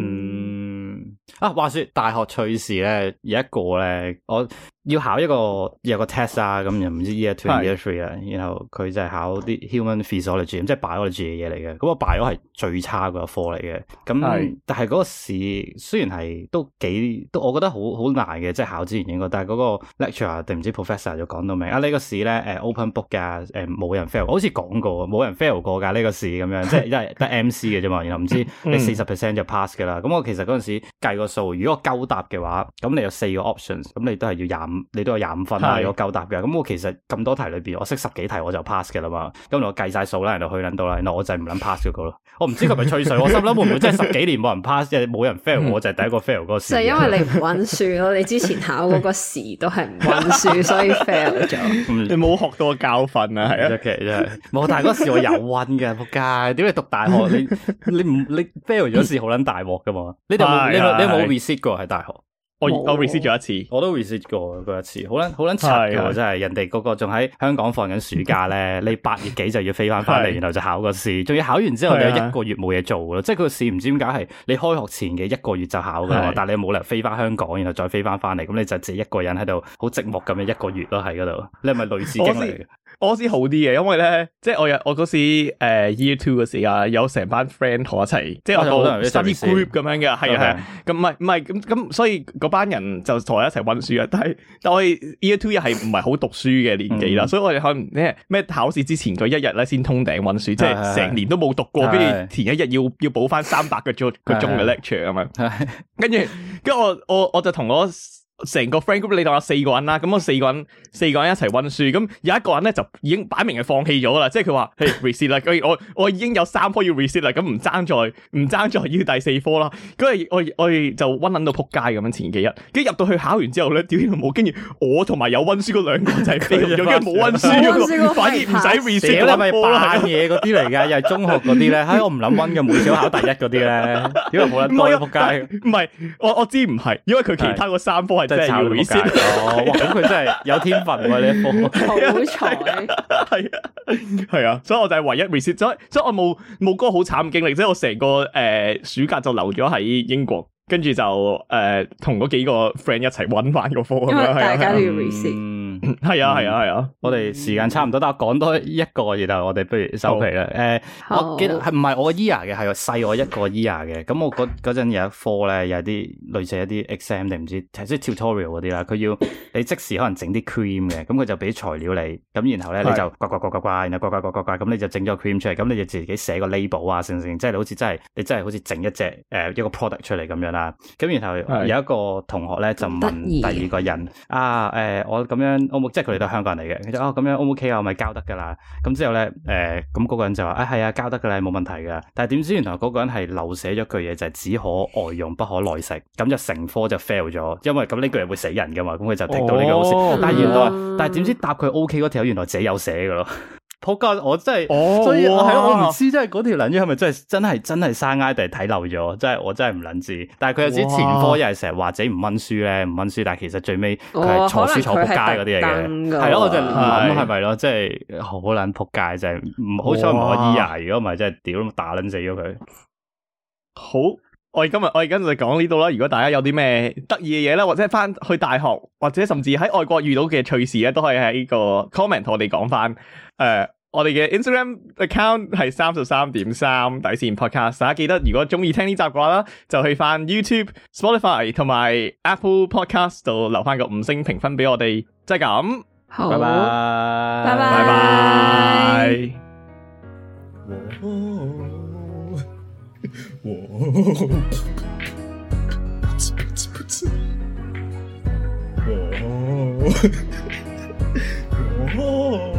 嗯啊，話說大學趣事咧，有一個咧，我。我要考一個有個 test 啊，咁又唔知 year two year three 啊，是然後佢就係考啲 human physiology 即係 biology 嘅嘢嚟嘅。咁我 bio 係最差嗰是個科嚟嘅。咁但係嗰個試雖然係都幾都，我覺得好好難嘅，即、就、係、是、考之前應該。但係嗰個 lecturer 定唔知 professor 就講到明啊個呢個試咧，誒、啊、open book 噶，誒、啊、冇人 fail，好似講過冇人 fail 過噶呢、這個試咁樣，即係得 MC 嘅啫嘛。 然後唔知你四十 percent 就 pass 噶啦。咁、嗯、我其實嗰陣時計個數，如果我鳩答嘅話，咁你有四個 options，咁你都係要廿五。你都有廿五分啦，如果夠答嘅。咁的我其實咁多題裏邊，我識十幾題我就 pass 嘅啦嘛。咁我計晒數啦，人哋去諗到啦，然後到到到到我就唔諗 pass 嗰個咯。我唔知佢咪吹水， 我心諗會唔會真係十幾年冇人 pass，即係冇人 fail，我，我就第一個 fail 嗰個事。 就因為你唔溫書咯， 你之前考嗰個時都係唔溫書，所以 fail 咗。 你冇學到個教訓啊？係啊，其實真係冇。但係嗰時我有溫嘅仆街。點解讀大學你你唔你 fail 咗時好捻大鑊噶嘛？你你你冇 resit 過喺大學？我我 resit 咗一次，我都 resit 過嗰一次，好捻好捻慘，真係人哋個個仲喺香港放緊暑假咧， 你八月幾就要飛翻翻嚟，的然後就考個試，仲要考完之後的你有一個月冇嘢做咯，即係佢個試唔知點解係你開學前嘅一個月就考噶的但係你冇理由飛翻香港，然後再飛翻翻嚟，咁你就自己一個人喺度好寂寞咁樣一個月咯喺嗰度，你係咪類似經歷？我先好啲嘅，因為咧，即係我有我嗰時誒 year two 嘅時候，有成班 friend 同我一齊，即係我到 study group 咁樣嘅，係啊係，咁唔係唔係咁咁，所以嗰班人就同我一齊溫書啊。但係但係 year two 又係唔係好讀書嘅年紀啦，所以我哋可能咩咩考試之前嗰一日咧先通頂溫書，即係成年都冇讀過，跟住前一日要要補翻三百個鐘個鐘嘅 lecture 啊嘛，跟住跟住我我我就同我。成個 friend group 你當有四個人啦，咁我四個人四個人，四個人一齊溫書，咁有一個人咧就已經擺明係放棄咗啦，即係佢話，誒，reset 啦， 我我我已經有三科要 reset 啦，咁唔爭再，唔爭再，要第四科啦。咁我我我哋就溫溫到撲街咁樣前幾日，跟住入到去考完之後咧，屌，冇跟住我同埋有溫書嗰兩個就係飛咗，跟住冇溫書，反而唔使 reset 啦，咪扮嘢嗰啲嚟嘅，又係中學嗰啲咧，唉、哎，我唔諗溫嘅，每小考第一嗰啲咧，屌， 冇人幫我撲街。唔係， 我我，我知唔係，因為佢其他嗰三科係對。即係 repeat 咯， 哇！咁佢真係有天分喎，呢一科。好彩係啊，係啊， 啊，所以我就係唯一 repeat，所以所以我冇冇個好慘嘅經歷，即係我成個誒暑假就留咗喺英國，呃、跟住就誒同嗰幾個 friend 一齊搵翻個科咁樣，係啊。因為大家都要 repeat。 係啊係啊係啊，我哋時間差唔多，但我講多一個然後就我哋不如收皮啦。誒，我見係唔係我 year 嘅，係細我一個 year 嘅。咁我嗰嗰陣有一科咧，有啲類似一啲 exam 定唔知即係 tutorial 嗰啲啦。佢要你即時可能整啲 cream 嘅，咁佢就俾材料你，咁然後咧你就呱呱呱呱呱，然後呱呱呱呱呱，咁你就整咗 cream 出嚟，咁你就自己寫個 label 啊，成成，即係好似真係你真係好似整一隻誒一個 product 出嚟咁樣啦。咁然後有一個同學咧就問第二個人啊，誒，我咁樣。我冇，即係佢哋都係香港人嚟嘅。佢就哦咁樣 O 唔 O K 啊？我咪交得噶啦。咁之後咧，誒咁嗰個人就話啊，係、哎、啊，交得噶啦，冇問題噶。但係點知原來嗰個人係漏寫咗句嘢，就係、是、只可外用，不可內食。咁就成科就 fail 咗，因為咁呢句係會死人噶嘛。咁佢就聽到呢句嘢，哦、但係原來，嗯、但係點知答佢 O K 嗰條，原來自己有寫噶咯。仆街，我真係，所以我係我唔知，即係嗰條卵魚係咪真係真係真係生挨定係睇漏咗？真係我真係唔卵知。但係佢又有啲前科，又係成日話自己唔溫書咧，唔溫書，但係其實最尾佢係坐書坐仆街嗰啲嘢嘅，係咯，我就諗係咪咯，即係好卵仆街就係，好彩唔係阿啊，如果唔係真係屌咁打卵死咗佢。好，我哋今日我而家就講呢度啦。如果大家有啲咩得意嘅嘢咧，或者翻去大學或者甚至喺外國遇到嘅趣事咧，都可以喺呢個 comment 同我哋講翻。誒、呃，我哋嘅 Instagram account 係三十三點三底線 Podcast，大家記得如果中意聽呢集嘅話啦，就去翻 YouTube、Spotify 同埋 Apple Podcast 度留翻個五星評分俾我哋，就係咁。好，拜拜，拜拜。